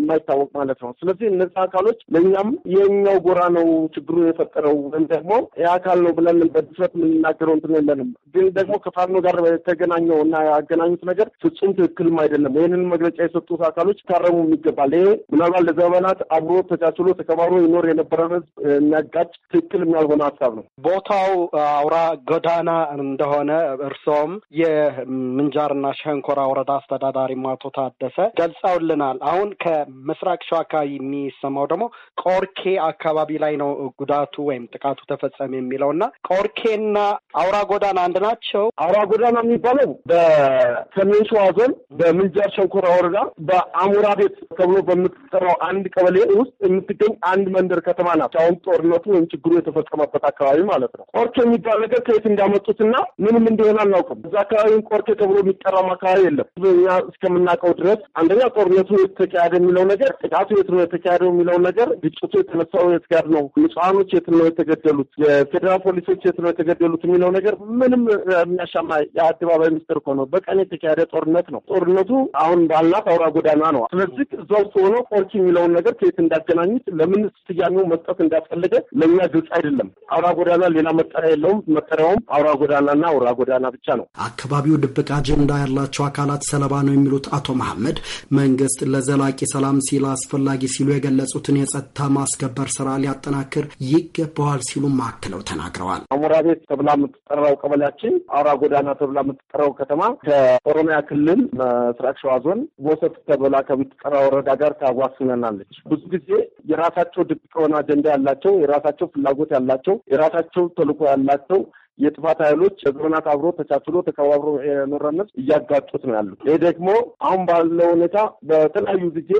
የማይታወቅ ማለት ነው። ስለዚህ እነዚህ አካሎች ለእኛም የኛው ጎራ ነው ችግሩን የፈጠረው ወይም ደግሞ የአካል ነው ብለን በድፍረት የምንናገረው እንትን የለንም። ግን ደግሞ ከፋኖ ጋር የተገናኘው እና ያገናኙት ነገር ፍጹም ትክክልም አይደለም። ይህንን መግለጫ የሰጡት አካሎች ታረሙ ይገባል። ይሄ ምናልባት ለዘመናት አብሮ ተቻችሎ ተከባብሮ ይኖር የነበረ ህዝብ የሚያጋጭ ትክክል የሚያልሆነ ሀሳብ ነው። ቦታው አውራ ገዳ ጫና እንደሆነ እርስዎም የምንጃርና ሸንኮራ ወረዳ አስተዳዳሪም አቶ ታደሰ ገልጸውልናል። አሁን ከምስራቅ ሸዋ አካባቢ የሚሰማው ደግሞ ቆርኬ አካባቢ ላይ ነው ጉዳቱ ወይም ጥቃቱ ተፈጸመ የሚለው እና ቆርኬና አውራ ጎዳና አንድ ናቸው። አውራ ጎዳና የሚባለው በሰሜን ሸዋ ዞን በምንጃር ሸንኮራ ወረዳ በአሙራ ቤት ተብሎ በምትጠራው አንድ ቀበሌ ውስጥ የምትገኝ አንድ መንደር ከተማ ናት። አሁን ጦርነቱ ወይም ችግሩ የተፈጸመበት አካባቢ ማለት ነው። ቆርኬ የሚባል ነገር ከየት እንዳ አመጡትና ምንም እንደሆነ አናውቅም። እዛ አካባቢን ቆርኬ ተብሎ የሚጠራም አካባቢ የለም። እኛ እስከምናውቀው ድረስ አንደኛ ጦርነቱ የተካሄደ የሚለው ነገር፣ ጥቃቱ የት ነው የተካሄደው የሚለው ነገር፣ ግጭቱ የተነሳው የት ጋር ነው፣ ንጹሐኖች የት ነው የተገደሉት፣ የፌዴራል ፖሊሶች የት ነው የተገደሉት የሚለው ነገር ምንም የሚያሻማ የአደባባይ ምስጢር እኮ ነው። በቀን የተካሄደ ጦርነት ነው። ጦርነቱ አሁን ባልናት አውራ ጎዳና ነው። ስለዚህ እዛ ውስጥ ሆኖ ቆርኪ የሚለውን ነገር ከየት እንዳገናኙት ለምን ስያሜው መስጠት እንዳስፈለገ ለእኛ ግልጽ አይደለም። አውራ ጎዳና ሌላ መጠሪያ የለውም። መጠሪያውም አውራ ጎዳናና አውራ ጎዳና ብቻ ነው። አካባቢው ድብቅ አጀንዳ ያላቸው አካላት ሰለባ ነው የሚሉት አቶ መሐመድ መንግስት ለዘላቂ ሰላም ሲል አስፈላጊ ሲሉ የገለጹትን የጸጥታ ማስከበር ስራ ሊያጠናክር ይገባዋል ሲሉ ማክለው ተናግረዋል። አሞራ ቤት ተብላ የምትጠራው ቀበሌያችን፣ አውራ ጎዳና ተብላ የምትጠራው ከተማ ከኦሮሚያ ክልል ምስራቅ ሸዋ ዞን ቦሰት ተብላ ከምትጠራ ወረዳ ጋር ታዋስነናለች። ብዙ ጊዜ የራሳቸው ድብቅ የሆነ አጀንዳ ያላቸው የራሳቸው ፍላጎት ያላቸው የራሳቸው ተልዕኮ ያላቸው የጥፋት ኃይሎች ለዘመናት አብሮ ተቻችሎ ተከባብሮ የኖረነት እያጋጩት ነው ያሉት። ይህ ደግሞ አሁን ባለው ሁኔታ በተለያዩ ጊዜ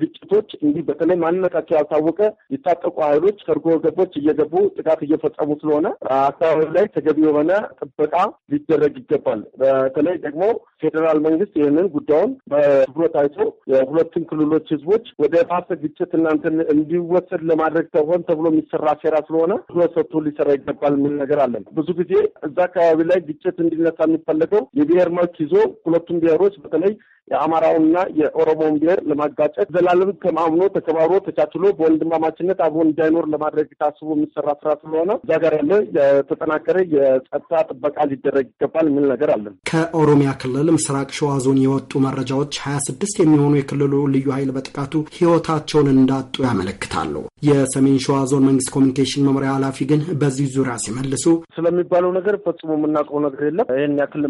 ግጭቶች እንዲህ በተለይ ማንነታቸው ያልታወቀ የታጠቁ ኃይሎች ሰርጎ ገቦች እየገቡ ጥቃት እየፈጸሙ ስለሆነ አካባቢ ላይ ተገቢ የሆነ ጥበቃ ሊደረግ ይገባል። በተለይ ደግሞ ፌዴራል መንግስት ይህንን ጉዳዩን በትኩረት አይቶ የሁለቱም ክልሎች ህዝቦች ወደ ባሰ ግጭት እናንተን እንዲወሰድ ለማድረግ ሆን ተብሎ የሚሰራ ሴራ ስለሆነ ትኩረት ሰጥቶ ሊሰራ ይገባል። ምን ነገር አለን ብዙ ጊዜ እዛ አካባቢ ላይ ግጭት እንዲነሳ የሚፈለገው የብሔር መብት ይዞ ሁለቱም ብሔሮች በተለይ የአማራውንና የኦሮሞውን ብሔር ለማጋጨት ዘላለም ተማምኖ ተከባብሮ ተቻችሎ በወንድማማችነት አብሮ እንዳይኖር ለማድረግ ታስቦ የሚሰራ ስራ ስለሆነ እዛ ጋር ያለ የተጠናከረ የጸጥታ ጥበቃ ሊደረግ ይገባል የሚል ነገር አለን። ከኦሮሚያ ክልል ምስራቅ ሸዋ ዞን የወጡ መረጃዎች ሀያ ስድስት የሚሆኑ የክልሉ ልዩ ኃይል በጥቃቱ ህይወታቸውን እንዳጡ ያመለክታሉ። የሰሜን ሸዋ ዞን መንግስት ኮሚኒኬሽን መምሪያ ኃላፊ ግን በዚህ ዙሪያ ሲመልሱ ስለሚባለው ነገር ፈጽሞ የምናውቀው ነገር የለም። ይህን ያክል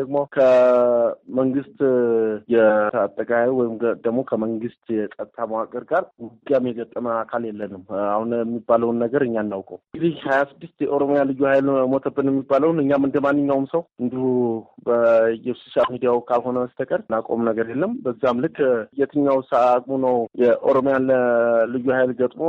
ደግሞ ከመንግስት የአጠቃላይ ወይም ደግሞ ከመንግስት የጸጥታ መዋቅር ጋር ውጊያም የገጠመ አካል የለንም። አሁን የሚባለውን ነገር እኛ እናውቀው። እንግዲህ ሀያ ስድስት የኦሮሚያ ልዩ ኃይል ሞተብን የሚባለውን እኛም እንደ ማንኛውም ሰው እንዲሁ በየሶሻል ሚዲያው ካልሆነ በስተቀር እናቆም ነገር የለም። በዛም ልክ የትኛው ሰዓቱ ነው የኦሮሚያን ልዩ ኃይል ገጥሞ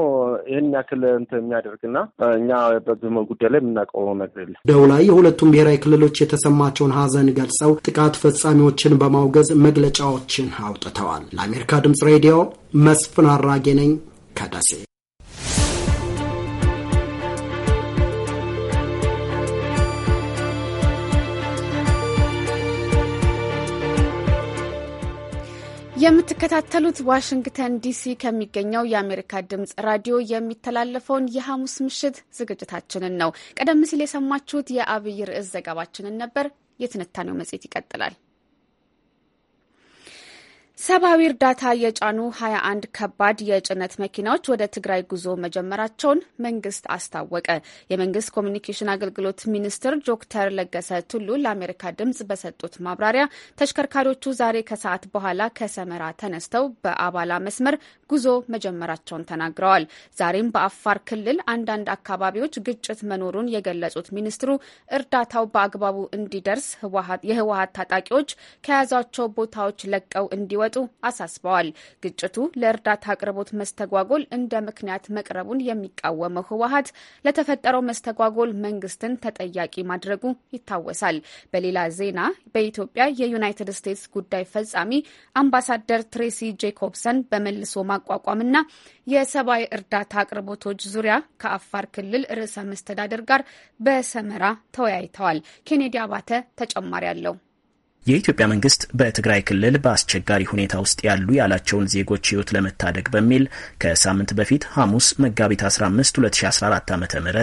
ይህን ያክል እንትን የሚያደርግና እኛ በዚህ ጉዳይ ላይ የምናውቀው ነገር የለም። ደው ላይ የሁለቱም ብሔራዊ ክልሎች የተሰማቸውን ሀዘን ገልጸው ጥቃት ፈጻሚዎችን በማውገዝ መግለ መግለጫዎችን አውጥተዋል። ለአሜሪካ ድምፅ ሬዲዮ መስፍን አራጌ ነኝ ከደሴ። የምትከታተሉት ዋሽንግተን ዲሲ ከሚገኘው የአሜሪካ ድምጽ ራዲዮ የሚተላለፈውን የሐሙስ ምሽት ዝግጅታችንን ነው። ቀደም ሲል የሰማችሁት የአብይ ርዕስ ዘገባችንን ነበር። የትንታኔው መጽሔት ይቀጥላል። ሰብአዊ እርዳታ የጫኑ 21 ከባድ የጭነት መኪናዎች ወደ ትግራይ ጉዞ መጀመራቸውን መንግስት አስታወቀ። የመንግስት ኮሚኒኬሽን አገልግሎት ሚኒስትር ዶክተር ለገሰ ቱሉ ለአሜሪካ ድምጽ በሰጡት ማብራሪያ ተሽከርካሪዎቹ ዛሬ ከሰዓት በኋላ ከሰመራ ተነስተው በአባላ መስመር ጉዞ መጀመራቸውን ተናግረዋል። ዛሬም በአፋር ክልል አንዳንድ አካባቢዎች ግጭት መኖሩን የገለጹት ሚኒስትሩ እርዳታው በአግባቡ እንዲደርስ የህወሀት ታጣቂዎች ከያዟቸው ቦታዎች ለቀው እንዲወ እንዲወጡ አሳስበዋል። ግጭቱ ለእርዳታ አቅርቦት መስተጓጎል እንደ ምክንያት መቅረቡን የሚቃወመው ህወሀት ለተፈጠረው መስተጓጎል መንግስትን ተጠያቂ ማድረጉ ይታወሳል። በሌላ ዜና በኢትዮጵያ የዩናይትድ ስቴትስ ጉዳይ ፈጻሚ አምባሳደር ትሬሲ ጄኮብሰን በመልሶ ማቋቋምና የሰብአዊ እርዳታ አቅርቦቶች ዙሪያ ከአፋር ክልል ርዕሰ መስተዳደር ጋር በሰመራ ተወያይተዋል። ኬኔዲ አባተ ተጨማሪ አለው። የኢትዮጵያ መንግስት በትግራይ ክልል በአስቸጋሪ ሁኔታ ውስጥ ያሉ ያላቸውን ዜጎች ህይወት ለመታደግ በሚል ከሳምንት በፊት ሐሙስ መጋቢት 15 2014 ዓ ም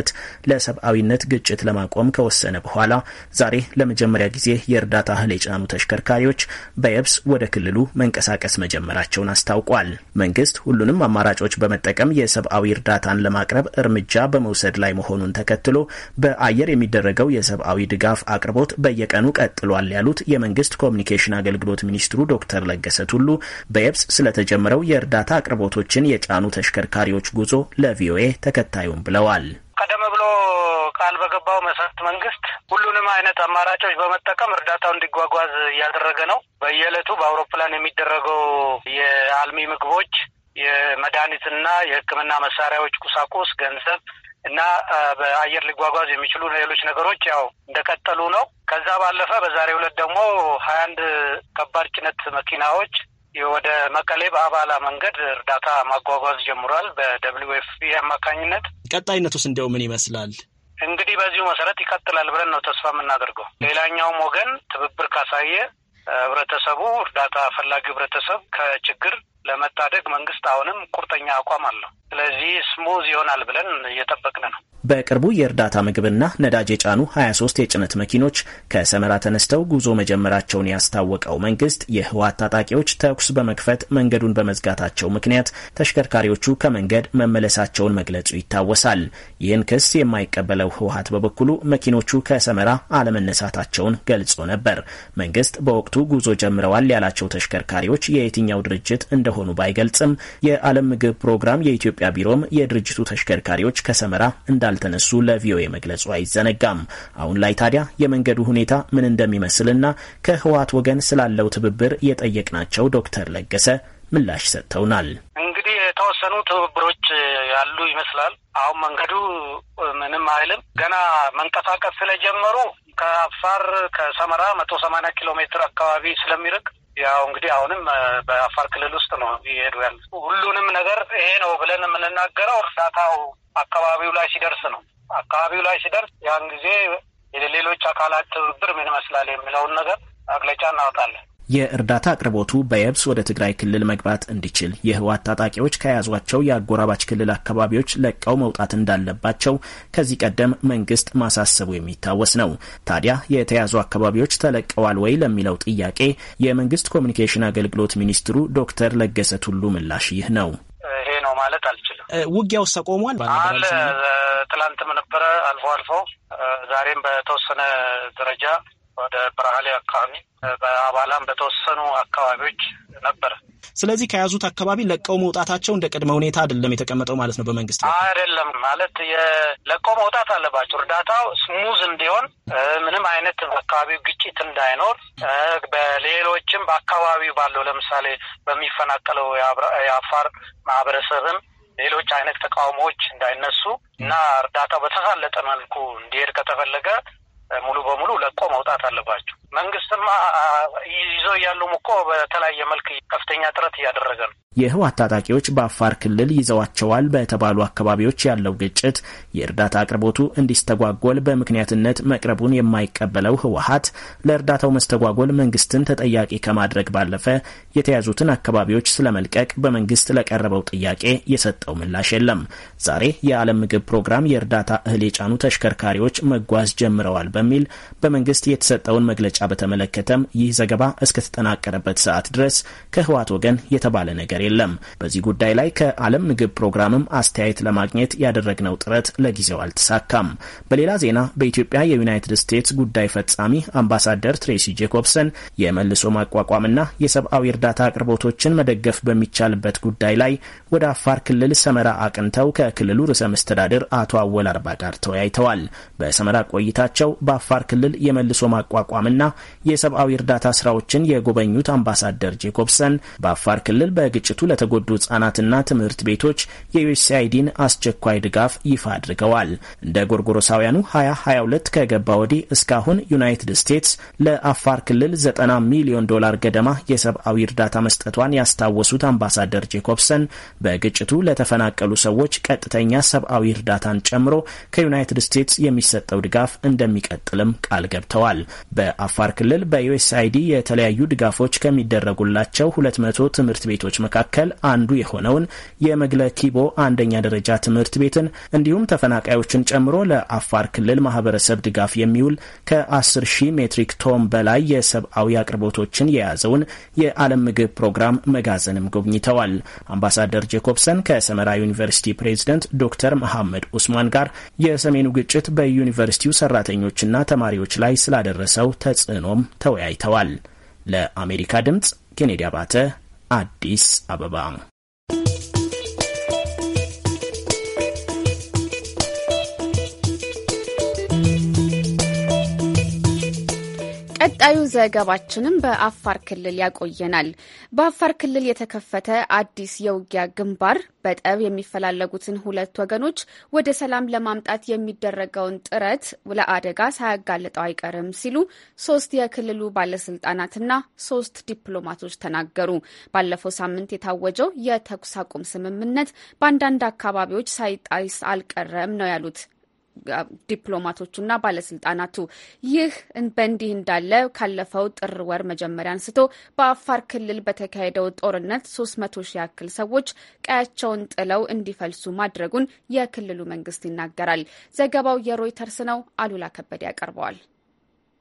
ለሰብአዊነት ግጭት ለማቆም ከወሰነ በኋላ ዛሬ ለመጀመሪያ ጊዜ የእርዳታ እህል የጫኑ ተሽከርካሪዎች በየብስ ወደ ክልሉ መንቀሳቀስ መጀመራቸውን አስታውቋል። መንግስት ሁሉንም አማራጮች በመጠቀም የሰብአዊ እርዳታን ለማቅረብ እርምጃ በመውሰድ ላይ መሆኑን ተከትሎ በአየር የሚደረገው የሰብአዊ ድጋፍ አቅርቦት በየቀኑ ቀጥሏል ያሉት የመንግስት ኮሚኒኬሽን አገልግሎት ሚኒስትሩ ዶክተር ለገሰ ቱሉ በየብስ ስለተጀመረው የእርዳታ አቅርቦቶችን የጫኑ ተሽከርካሪዎች ጉዞ ለቪኦኤ ተከታዩም ብለዋል። ቀደም ብሎ ቃል በገባው መሰረት መንግስት ሁሉንም አይነት አማራጮች በመጠቀም እርዳታው እንዲጓጓዝ እያደረገ ነው። በየዕለቱ በአውሮፕላን የሚደረገው የአልሚ ምግቦች፣ የመድኃኒትና የሕክምና መሳሪያዎች፣ ቁሳቁስ፣ ገንዘብ እና በአየር ሊጓጓዝ የሚችሉ ሌሎች ነገሮች ያው እንደቀጠሉ ነው። ከዛ ባለፈ በዛሬው ዕለት ደግሞ ሀያ አንድ ከባድ ጭነት መኪናዎች ወደ መቀሌ በአባላ መንገድ እርዳታ ማጓጓዝ ጀምሯል። በደብሊው ኤፍ ፒ አማካኝነት ቀጣይነቱ ውስጥ እንዲያው ምን ይመስላል? እንግዲህ በዚሁ መሰረት ይቀጥላል ብለን ነው ተስፋ የምናደርገው። ሌላኛውም ወገን ትብብር ካሳየ ህብረተሰቡ እርዳታ ፈላጊው ህብረተሰብ ከችግር ለመታደግ መንግስት አሁንም ቁርጠኛ አቋም አለው። ስለዚህ ስሙዝ ይሆናል ብለን እየጠበቅን ነው። በቅርቡ የእርዳታ ምግብና ነዳጅ የጫኑ 23 የጭነት መኪኖች ከሰመራ ተነስተው ጉዞ መጀመራቸውን ያስታወቀው መንግስት የህወሓት ታጣቂዎች ተኩስ በመክፈት መንገዱን በመዝጋታቸው ምክንያት ተሽከርካሪዎቹ ከመንገድ መመለሳቸውን መግለጹ ይታወሳል። ይህን ክስ የማይቀበለው ህወሓት በበኩሉ መኪኖቹ ከሰመራ አለመነሳታቸውን ገልጾ ነበር። መንግስት በወቅቱ ጉዞ ጀምረዋል ያላቸው ተሽከርካሪዎች የየትኛው ድርጅት እንደ እንደሆኑ ባይገልጽም የዓለም ምግብ ፕሮግራም የኢትዮጵያ ቢሮም የድርጅቱ ተሽከርካሪዎች ከሰመራ እንዳልተነሱ ለቪኦኤ መግለጹ አይዘነጋም። አሁን ላይ ታዲያ የመንገዱ ሁኔታ ምን እንደሚመስልና ከህወሓት ወገን ስላለው ትብብር የጠየቅናቸው ዶክተር ለገሰ ምላሽ ሰጥተውናል። እንግዲህ የተወሰኑ ትብብሮች ያሉ ይመስላል። አሁን መንገዱ ምንም አይልም። ገና መንቀሳቀስ ስለጀመሩ ከአፋር ከሰመራ መቶ ሰማንያ ኪሎ ሜትር አካባቢ ስለሚርቅ ያው እንግዲህ አሁንም በአፋር ክልል ውስጥ ነው እየሄዱ ያሉት። ሁሉንም ነገር ይሄ ነው ብለን የምንናገረው እርዳታው አካባቢው ላይ ሲደርስ ነው። አካባቢው ላይ ሲደርስ ያን ጊዜ የሌሎች አካላት ትብብር ምን ይመስላል የሚለውን ነገር መግለጫ እናወጣለን። የእርዳታ አቅርቦቱ በየብስ ወደ ትግራይ ክልል መግባት እንዲችል የህወሓት ታጣቂዎች ከያዟቸው የአጎራባች ክልል አካባቢዎች ለቀው መውጣት እንዳለባቸው ከዚህ ቀደም መንግስት ማሳሰቡ የሚታወስ ነው። ታዲያ የተያዙ አካባቢዎች ተለቀዋል ወይ ለሚለው ጥያቄ የመንግስት ኮሚኒኬሽን አገልግሎት ሚኒስትሩ ዶክተር ለገሰ ቱሉ ምላሽ ይህ ነው። ይሄ ነው ማለት አልችልም። ውጊያው ተቆሟል? አለ። ትላንትም ነበረ፣ አልፎ አልፎ ዛሬም በተወሰነ ደረጃ ወደ ብርሃሌ አካባቢ፣ በአባላም በተወሰኑ አካባቢዎች ነበረ። ስለዚህ ከያዙት አካባቢ ለቀው መውጣታቸው እንደ ቅድመ ሁኔታ አይደለም የተቀመጠው ማለት ነው። በመንግስት አይደለም ማለት ለቀው መውጣት አለባቸው። እርዳታው ስሙዝ እንዲሆን ምንም አይነት በአካባቢው ግጭት እንዳይኖር፣ በሌሎችም በአካባቢው ባለው ለምሳሌ በሚፈናቀለው የአፋር ማህበረሰብም ሌሎች አይነት ተቃውሞዎች እንዳይነሱ እና እርዳታው በተሳለጠ መልኩ እንዲሄድ ከተፈለገ ሙሉ በሙሉ ለቆ መውጣት አለባቸው። መንግስትማ ይዘው እያሉም እኮ በተለያየ መልክ ከፍተኛ ጥረት እያደረገ ነው። የህወሓት ታጣቂዎች በአፋር ክልል ይዘዋቸዋል በተባሉ አካባቢዎች ያለው ግጭት የእርዳታ አቅርቦቱ እንዲስተጓጎል በምክንያትነት መቅረቡን የማይቀበለው ህወሓት ለእርዳታው መስተጓጎል መንግስትን ተጠያቂ ከማድረግ ባለፈ የተያዙትን አካባቢዎች ስለመልቀቅ በመንግስት ለቀረበው ጥያቄ የሰጠው ምላሽ የለም። ዛሬ የዓለም ምግብ ፕሮግራም የእርዳታ እህል የጫኑ ተሽከርካሪዎች መጓዝ ጀምረዋል በሚል በመንግስት የተሰጠውን መግለጫ በተመለከተም ይህ ዘገባ እስከተጠናቀረበት ሰዓት ድረስ ከህወሓት ወገን የተባለ ነገር የለም። በዚህ ጉዳይ ላይ ከዓለም ምግብ ፕሮግራምም አስተያየት ለማግኘት ያደረግነው ጥረት ለጊዜው አልተሳካም። በሌላ ዜና በኢትዮጵያ የዩናይትድ ስቴትስ ጉዳይ ፈጻሚ አምባሳደር ትሬሲ ጄኮብሰን የመልሶ ማቋቋምና የሰብአዊ የእርዳታ አቅርቦቶችን መደገፍ በሚቻልበት ጉዳይ ላይ ወደ አፋር ክልል ሰመራ አቅንተው ከክልሉ ርዕሰ መስተዳድር አቶ አወል አርባ ጋር ተወያይተዋል። በሰመራ ቆይታቸው በአፋር ክልል የመልሶ ማቋቋምና የሰብአዊ እርዳታ ስራዎችን የጎበኙት አምባሳደር ጄኮብሰን በአፋር ክልል በግጭቱ ለተጎዱ ህጻናትና ትምህርት ቤቶች የዩኤስአይዲን አስቸኳይ ድጋፍ ይፋ አድርገዋል። እንደ ጎርጎሮሳውያኑ 2022 ከገባ ወዲህ እስካሁን ዩናይትድ ስቴትስ ለአፋር ክልል 90 ሚሊዮን ዶላር ገደማ የሰብአዊ እርዳታ መስጠቷን ያስታወሱት አምባሳደር ጄኮብሰን በግጭቱ ለተፈናቀሉ ሰዎች ቀጥተኛ ሰብአዊ እርዳታን ጨምሮ ከዩናይትድ ስቴትስ የሚሰጠው ድጋፍ እንደሚቀጥልም ቃል ገብተዋል። በአፋር ክልል በዩኤስአይዲ የተለያዩ ድጋፎች ከሚደረጉላቸው 200 ትምህርት ቤቶች መካከል አንዱ የሆነውን የመግለ ኪቦ አንደኛ ደረጃ ትምህርት ቤትን እንዲሁም ተፈናቃዮችን ጨምሮ ለአፋር ክልል ማህበረሰብ ድጋፍ የሚውል ከ10 ሺህ ሜትሪክ ቶን በላይ የሰብአዊ አቅርቦቶችን የያዘውን የዓለም ምግብ ፕሮግራም መጋዘንም ጎብኝተዋል። አምባሳደር ጄኮብሰን ከሰመራ ዩኒቨርሲቲ ፕሬዝደንት ዶክተር መሐመድ ኡስማን ጋር የሰሜኑ ግጭት በዩኒቨርሲቲው ሰራተኞችና ተማሪዎች ላይ ስላደረሰው ተጽዕኖም ተወያይተዋል። ለአሜሪካ ድምጽ ኬኔዲ አባተ አዲስ አበባ ቀጣዩ ዘገባችንም በአፋር ክልል ያቆየናል። በአፋር ክልል የተከፈተ አዲስ የውጊያ ግንባር በጠብ የሚፈላለጉትን ሁለት ወገኖች ወደ ሰላም ለማምጣት የሚደረገውን ጥረት ለአደጋ ሳያጋልጠው አይቀርም ሲሉ ሶስት የክልሉ ባለስልጣናትና ሶስት ዲፕሎማቶች ተናገሩ። ባለፈው ሳምንት የታወጀው የተኩስ አቁም ስምምነት በአንዳንድ አካባቢዎች ሳይጣስ አልቀረም ነው ያሉት ዲፕሎማቶቹና ባለስልጣናቱ። ይህ በእንዲህ እንዳለ ካለፈው ጥር ወር መጀመሪያ አንስቶ በአፋር ክልል በተካሄደው ጦርነት ሶስት መቶ ሺህ ያክል ሰዎች ቀያቸውን ጥለው እንዲፈልሱ ማድረጉን የክልሉ መንግስት ይናገራል። ዘገባው የሮይተርስ ነው። አሉላ ከበደ ያቀርበዋል።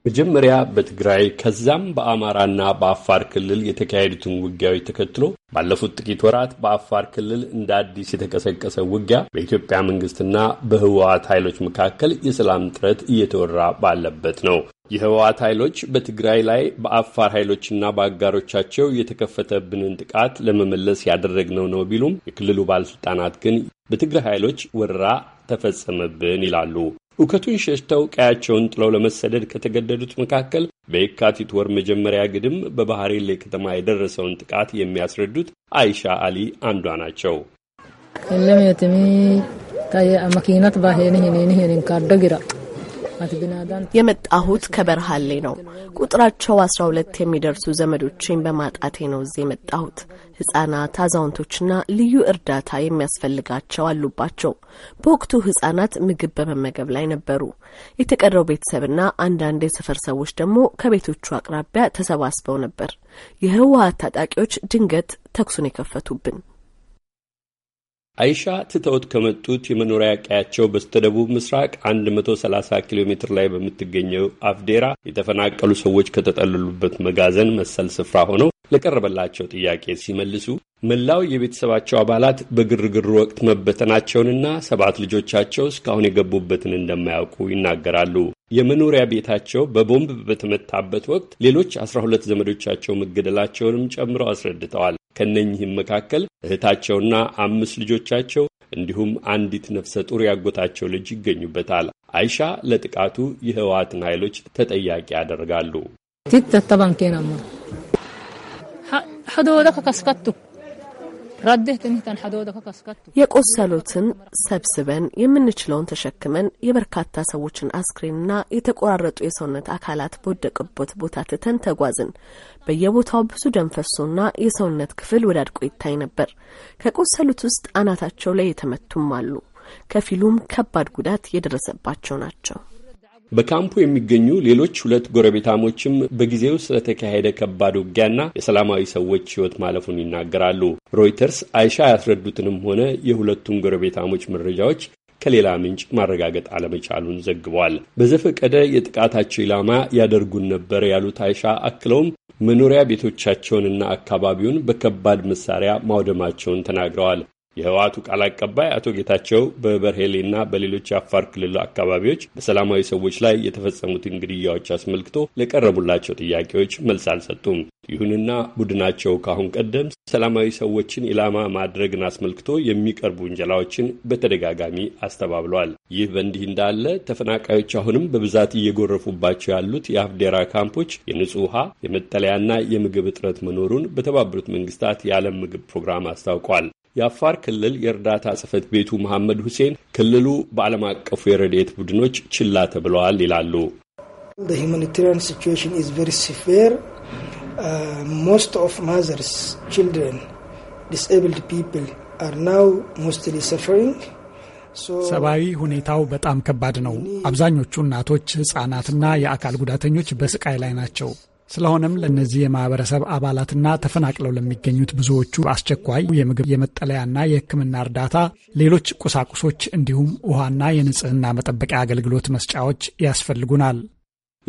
መጀመሪያ በትግራይ ከዛም በአማራና በአፋር ክልል የተካሄዱትን ውጊያዎች ተከትሎ ባለፉት ጥቂት ወራት በአፋር ክልል እንደ አዲስ የተቀሰቀሰ ውጊያ በኢትዮጵያ መንግስትና በህወሓት ኃይሎች መካከል የሰላም ጥረት እየተወራ ባለበት ነው። የህወሓት ኃይሎች በትግራይ ላይ በአፋር ኃይሎችና በአጋሮቻቸው የተከፈተብንን ጥቃት ለመመለስ ያደረግነው ነው ቢሉም የክልሉ ባለስልጣናት ግን በትግራይ ኃይሎች ወረራ ተፈጸመብን ይላሉ። እውከቱን ሸሽተው ቀያቸውን ጥለው ለመሰደድ ከተገደዱት መካከል በየካቲት ወር መጀመሪያ ግድም በባህሬሌ ከተማ የደረሰውን ጥቃት የሚያስረዱት አይሻ አሊ አንዷ ናቸው። የመጣሁት ከበርሃሌ ነው። ቁጥራቸው አስራ ሁለት የሚደርሱ ዘመዶቼን በማጣቴ ነው እዚህ የመጣሁት። ህጻናት፣ አዛውንቶችና ልዩ እርዳታ የሚያስፈልጋቸው አሉባቸው። በወቅቱ ህጻናት ምግብ በመመገብ ላይ ነበሩ። የተቀረው ቤተሰብና አንዳንድ የሰፈር ሰዎች ደግሞ ከቤቶቹ አቅራቢያ ተሰባስበው ነበር። የህወሀት ታጣቂዎች ድንገት ተኩሱን የከፈቱብን። አይሻ ትተውት ከመጡት የመኖሪያ ቀያቸው በስተደቡብ ምስራቅ 130 ኪሎ ሜትር ላይ በምትገኘው አፍዴራ የተፈናቀሉ ሰዎች ከተጠለሉበት መጋዘን መሰል ስፍራ ሆነው ለቀረበላቸው ጥያቄ ሲመልሱ መላው የቤተሰባቸው አባላት በግርግሩ ወቅት መበተናቸውንና ሰባት ልጆቻቸው እስካሁን የገቡበትን እንደማያውቁ ይናገራሉ። የመኖሪያ ቤታቸው በቦምብ በተመታበት ወቅት ሌሎች አስራ ሁለት ዘመዶቻቸው መገደላቸውንም ጨምረው አስረድተዋል። ከነኚህም መካከል እህታቸውና አምስት ልጆቻቸው እንዲሁም አንዲት ነፍሰ ጡር ያጎታቸው ልጅ ይገኙበታል። አይሻ ለጥቃቱ የህወሓትን ኃይሎች ተጠያቂ ያደርጋሉ። የቆሰሉትን ሰብስበን የምንችለውን ተሸክመን የበርካታ ሰዎችን አስክሬንና የተቆራረጡ የሰውነት አካላት በወደቀበት ቦታ ትተን ተጓዝን። በየቦታው ብዙ ደም ፈሶና የሰውነት ክፍል ወዳድቆ ይታይ ነበር። ከቆሰሉት ውስጥ አናታቸው ላይ የተመቱም አሉ። ከፊሉም ከባድ ጉዳት የደረሰባቸው ናቸው። በካምፑ የሚገኙ ሌሎች ሁለት ጎረቤታሞችም በጊዜው ስለተካሄደ ከባድ ውጊያና የሰላማዊ ሰዎች ሕይወት ማለፉን ይናገራሉ። ሮይተርስ አይሻ ያስረዱትንም ሆነ የሁለቱን ጎረቤታሞች መረጃዎች ከሌላ ምንጭ ማረጋገጥ አለመቻሉን ዘግቧል። በዘፈቀደ የጥቃታቸው ኢላማ ያደርጉን ነበር ያሉት አይሻ አክለውም መኖሪያ ቤቶቻቸውንና አካባቢውን በከባድ መሳሪያ ማውደማቸውን ተናግረዋል። የህወሓቱ ቃል አቀባይ አቶ ጌታቸው በበርሄሌና በሌሎች የአፋር ክልል አካባቢዎች በሰላማዊ ሰዎች ላይ የተፈጸሙትን ግድያዎች አስመልክቶ ለቀረቡላቸው ጥያቄዎች መልስ አልሰጡም። ይሁንና ቡድናቸው ከአሁን ቀደም ሰላማዊ ሰዎችን ኢላማ ማድረግን አስመልክቶ የሚቀርቡ ውንጀላዎችን በተደጋጋሚ አስተባብሏል። ይህ በእንዲህ እንዳለ ተፈናቃዮች አሁንም በብዛት እየጎረፉባቸው ያሉት የአፍዴራ ካምፖች የንጹህ ውሃ የመጠለያና የምግብ እጥረት መኖሩን በተባበሩት መንግስታት የዓለም ምግብ ፕሮግራም አስታውቋል። የአፋር ክልል የእርዳታ ጽህፈት ቤቱ መሐመድ ሁሴን ክልሉ በዓለም አቀፉ የረድኤት ቡድኖች ችላ ተብለዋል ይላሉ። ሁማኒታሪያን ሲቹዌሽን ኢዝ ቬሪ ሲቪር ሞስት ኦፍ ማዘርስ ችልድረን ዲስኤብልድ ፒፕል አር ናው ሞስትሊ ሰፈሪንግ ሰብአዊ ሁኔታው በጣም ከባድ ነው። አብዛኞቹ እናቶች፣ ህጻናትና የአካል ጉዳተኞች በስቃይ ላይ ናቸው። ስለሆነም ለእነዚህ የማህበረሰብ አባላትና ተፈናቅለው ለሚገኙት ብዙዎቹ አስቸኳይ የምግብ የመጠለያና የሕክምና እርዳታ፣ ሌሎች ቁሳቁሶች እንዲሁም ውሃና የንጽህና መጠበቂያ አገልግሎት መስጫዎች ያስፈልጉናል።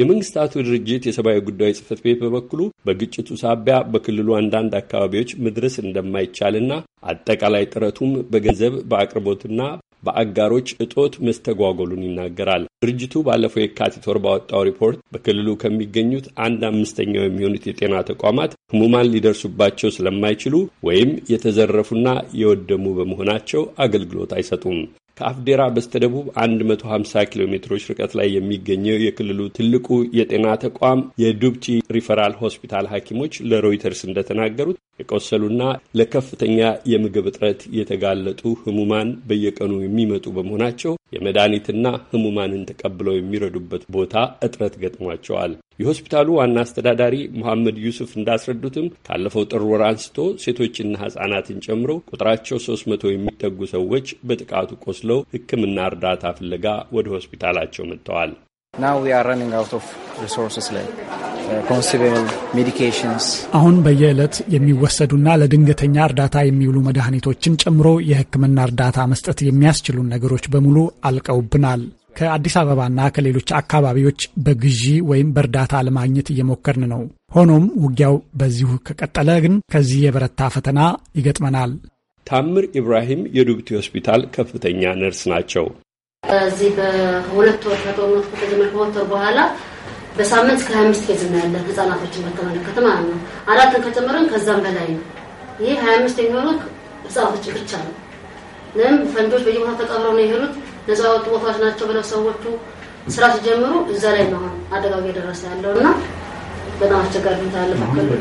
የመንግስታቱ ድርጅት የሰብአዊ ጉዳዮች ጽህፈት ቤት በበኩሉ በግጭቱ ሳቢያ በክልሉ አንዳንድ አካባቢዎች መድረስ እንደማይቻልና አጠቃላይ ጥረቱም በገንዘብ በአቅርቦትና በአጋሮች እጦት መስተጓጎሉን ይናገራል። ድርጅቱ ባለፈው የካቲት ወር ባወጣው ሪፖርት በክልሉ ከሚገኙት አንድ አምስተኛው የሚሆኑት የጤና ተቋማት ህሙማን ሊደርሱባቸው ስለማይችሉ ወይም የተዘረፉና የወደሙ በመሆናቸው አገልግሎት አይሰጡም። ከአፍዴራ በስተደቡብ 150 ኪሎ ሜትሮች ርቀት ላይ የሚገኘው የክልሉ ትልቁ የጤና ተቋም የዱብጪ ሪፈራል ሆስፒታል ሐኪሞች ለሮይተርስ እንደተናገሩት የቆሰሉና ለከፍተኛ የምግብ እጥረት የተጋለጡ ህሙማን በየቀኑ የሚመጡ በመሆናቸው የመድኃኒትና ህሙማንን ተቀብለው የሚረዱበት ቦታ እጥረት ገጥሟቸዋል። የሆስፒታሉ ዋና አስተዳዳሪ መሐመድ ዩሱፍ እንዳስረዱትም ካለፈው ጥር ወር አንስቶ ሴቶችና ሕጻናትን ጨምሮ ቁጥራቸው 300 የሚጠጉ ሰዎች በጥቃቱ ቆስለው ሕክምና እርዳታ ፍለጋ ወደ ሆስፒታላቸው መጥተዋል። uh, አሁን በየዕለት የሚወሰዱና ለድንገተኛ እርዳታ የሚውሉ መድኃኒቶችን ጨምሮ የህክምና እርዳታ መስጠት የሚያስችሉን ነገሮች በሙሉ አልቀውብናል። ከአዲስ አበባና ከሌሎች አካባቢዎች በግዢ ወይም በእርዳታ ለማግኘት እየሞከርን ነው። ሆኖም ውጊያው በዚሁ ከቀጠለ ግን ከዚህ የበረታ ፈተና ይገጥመናል። ታምር ኢብራሂም የዱብቲ ሆስፒታል ከፍተኛ ነርስ ናቸው። በዚህ በሁለት ወር ከጦርነቱ ከተጀመረ ከወተር በኋላ በሳምንት እስከ ሀያ አምስት ኬዝ እናያለን ህጻናቶችን በተመለከተ ማለት ነው። አራትን ከጨመረን ከዛም በላይ ነው። ይህ ሀያ አምስት የሚሆኑት ህጻናቶችን ብቻ ነው። ምንም ፈንጆች በየቦታ ተቀብረው ነው የሄዱት ነፃ ያወጡ ቦታዎች ናቸው ብለው ሰዎቹ ስራ ሲጀምሩ እዛ ላይ ነው አደጋው እየደረሰ ያለው እና በጣም አስቸጋሪ ሁኔታ ያለ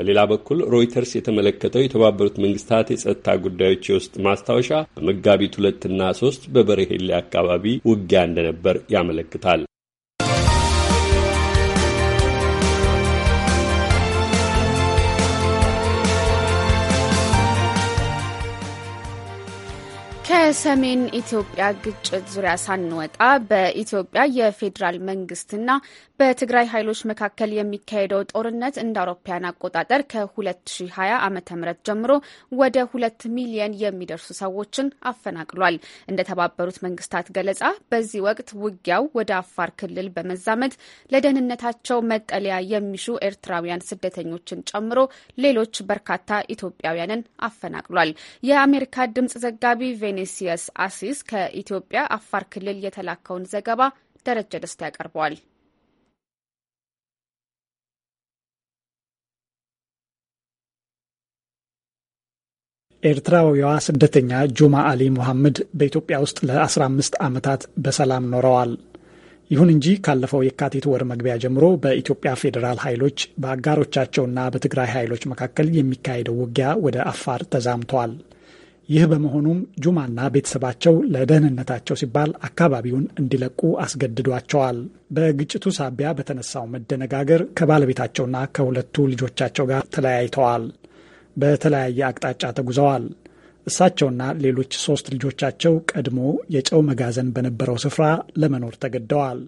በሌላ በኩል ሮይተርስ የተመለከተው የተባበሩት መንግስታት የጸጥታ ጉዳዮች የውስጥ ማስታወሻ በመጋቢት ሁለትና ሶስት በበርሄሌ አካባቢ ውጊያ እንደነበር ያመለክታል። ከሰሜን ኢትዮጵያ ግጭት ዙሪያ ሳንወጣ በኢትዮጵያ የፌዴራል መንግስትና በትግራይ ኃይሎች መካከል የሚካሄደው ጦርነት እንደ አውሮፓያን አቆጣጠር ከ2020 ዓ ም ጀምሮ ወደ ሁለት ሚሊየን የሚደርሱ ሰዎችን አፈናቅሏል። እንደ ተባበሩት መንግስታት ገለጻ በዚህ ወቅት ውጊያው ወደ አፋር ክልል በመዛመት ለደህንነታቸው መጠለያ የሚሹ ኤርትራውያን ስደተኞችን ጨምሮ ሌሎች በርካታ ኢትዮጵያውያንን አፈናቅሏል። የአሜሪካ ድምጽ ዘጋቢ ቬኔሲየስ አሲስ ከኢትዮጵያ አፋር ክልል የተላከውን ዘገባ ደረጀ ደስታ ያቀርበዋል። ኤርትራዊዋ ስደተኛ ጁማ አሊ ሙሐመድ በኢትዮጵያ ውስጥ ለ15 ዓመታት በሰላም ኖረዋል። ይሁን እንጂ ካለፈው የካቲት ወር መግቢያ ጀምሮ በኢትዮጵያ ፌዴራል ኃይሎች በአጋሮቻቸውና በትግራይ ኃይሎች መካከል የሚካሄደው ውጊያ ወደ አፋር ተዛምቷል። ይህ በመሆኑም ጁማና ቤተሰባቸው ለደህንነታቸው ሲባል አካባቢውን እንዲለቁ አስገድዷቸዋል። በግጭቱ ሳቢያ በተነሳው መደነጋገር ከባለቤታቸውና ከሁለቱ ልጆቻቸው ጋር ተለያይተዋል። በተለያየ አቅጣጫ ተጉዘዋል። እሳቸውና ሌሎች ሶስት ልጆቻቸው ቀድሞ የጨው መጋዘን በነበረው ስፍራ ለመኖር ተገደዋል።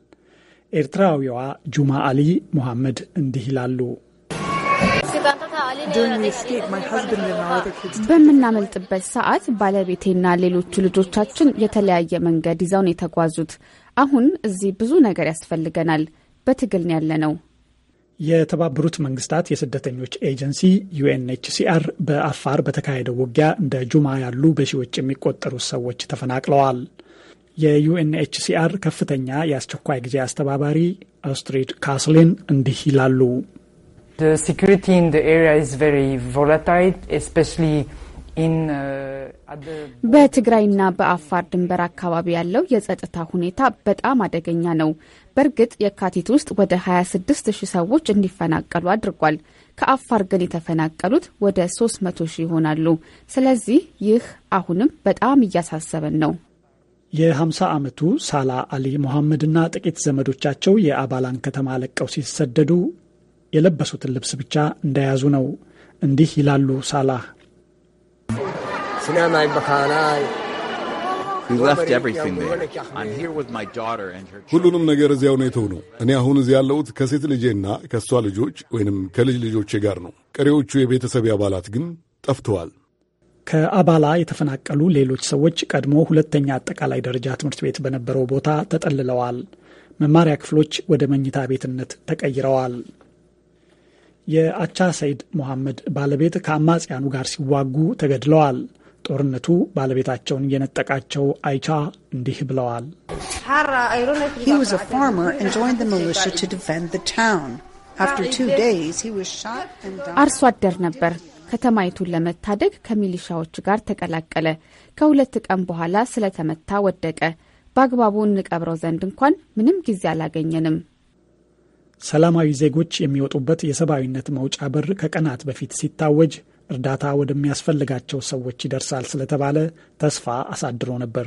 ኤርትራዊዋ ጁማ አሊ ሙሐመድ እንዲህ ይላሉ። በምናመልጥበት ሰዓት ባለቤቴና ሌሎቹ ልጆቻችን የተለያየ መንገድ ይዘው ነው የተጓዙት። አሁን እዚህ ብዙ ነገር ያስፈልገናል። በትግል ነው ነው። የተባበሩት መንግስታት የስደተኞች ኤጀንሲ ዩኤንኤችሲአር በአፋር በተካሄደው ውጊያ እንደ ጁማ ያሉ በሺዎች የሚቆጠሩ ሰዎች ተፈናቅለዋል። የዩኤንኤችሲአር ከፍተኛ የአስቸኳይ ጊዜ አስተባባሪ ኦስትሪድ ካስሊን እንዲህ ይላሉ። The security in the area is very volatile, especially uh, በትግራይና በአፋር ድንበር አካባቢ ያለው የጸጥታ ሁኔታ በጣም አደገኛ ነው። በእርግጥ የካቲት ውስጥ ወደ 26 ሺህ ሰዎች እንዲፈናቀሉ አድርጓል። ከአፋር ግን የተፈናቀሉት ወደ 300 ሺህ ይሆናሉ። ስለዚህ ይህ አሁንም በጣም እያሳሰበን ነው። የ50 ዓመቱ ሳላ አሊ ሞሐመድና ጥቂት ዘመዶቻቸው የአባላን ከተማ ለቀው ሲሰደዱ የለበሱትን ልብስ ብቻ እንደያዙ ነው። እንዲህ ይላሉ ሳላህ ሁሉንም ነገር እዚያው ነው የተውነው። እኔ አሁን እዚህ ያለሁት ከሴት ልጄና ከእሷ ልጆች ወይንም ከልጅ ልጆቼ ጋር ነው። ቀሪዎቹ የቤተሰብ አባላት ግን ጠፍተዋል። ከአባላ የተፈናቀሉ ሌሎች ሰዎች ቀድሞ ሁለተኛ አጠቃላይ ደረጃ ትምህርት ቤት በነበረው ቦታ ተጠልለዋል። መማሪያ ክፍሎች ወደ መኝታ ቤትነት ተቀይረዋል። የአቻ ሰይድ ሞሐመድ ባለቤት ከአማጽያኑ ጋር ሲዋጉ ተገድለዋል። ጦርነቱ ባለቤታቸውን የነጠቃቸው አይቻ እንዲህ ብለዋል። አርሶ አደር ነበር። ከተማይቱን ለመታደግ ከሚሊሻዎች ጋር ተቀላቀለ። ከሁለት ቀን በኋላ ስለተመታ ወደቀ። በአግባቡ እንቀብረው ዘንድ እንኳን ምንም ጊዜ አላገኘንም። ሰላማዊ ዜጎች የሚወጡበት የሰብአዊነት መውጫ በር ከቀናት በፊት ሲታወጅ እርዳታ ወደሚያስፈልጋቸው ሰዎች ይደርሳል ስለተባለ ተስፋ አሳድሮ ነበር።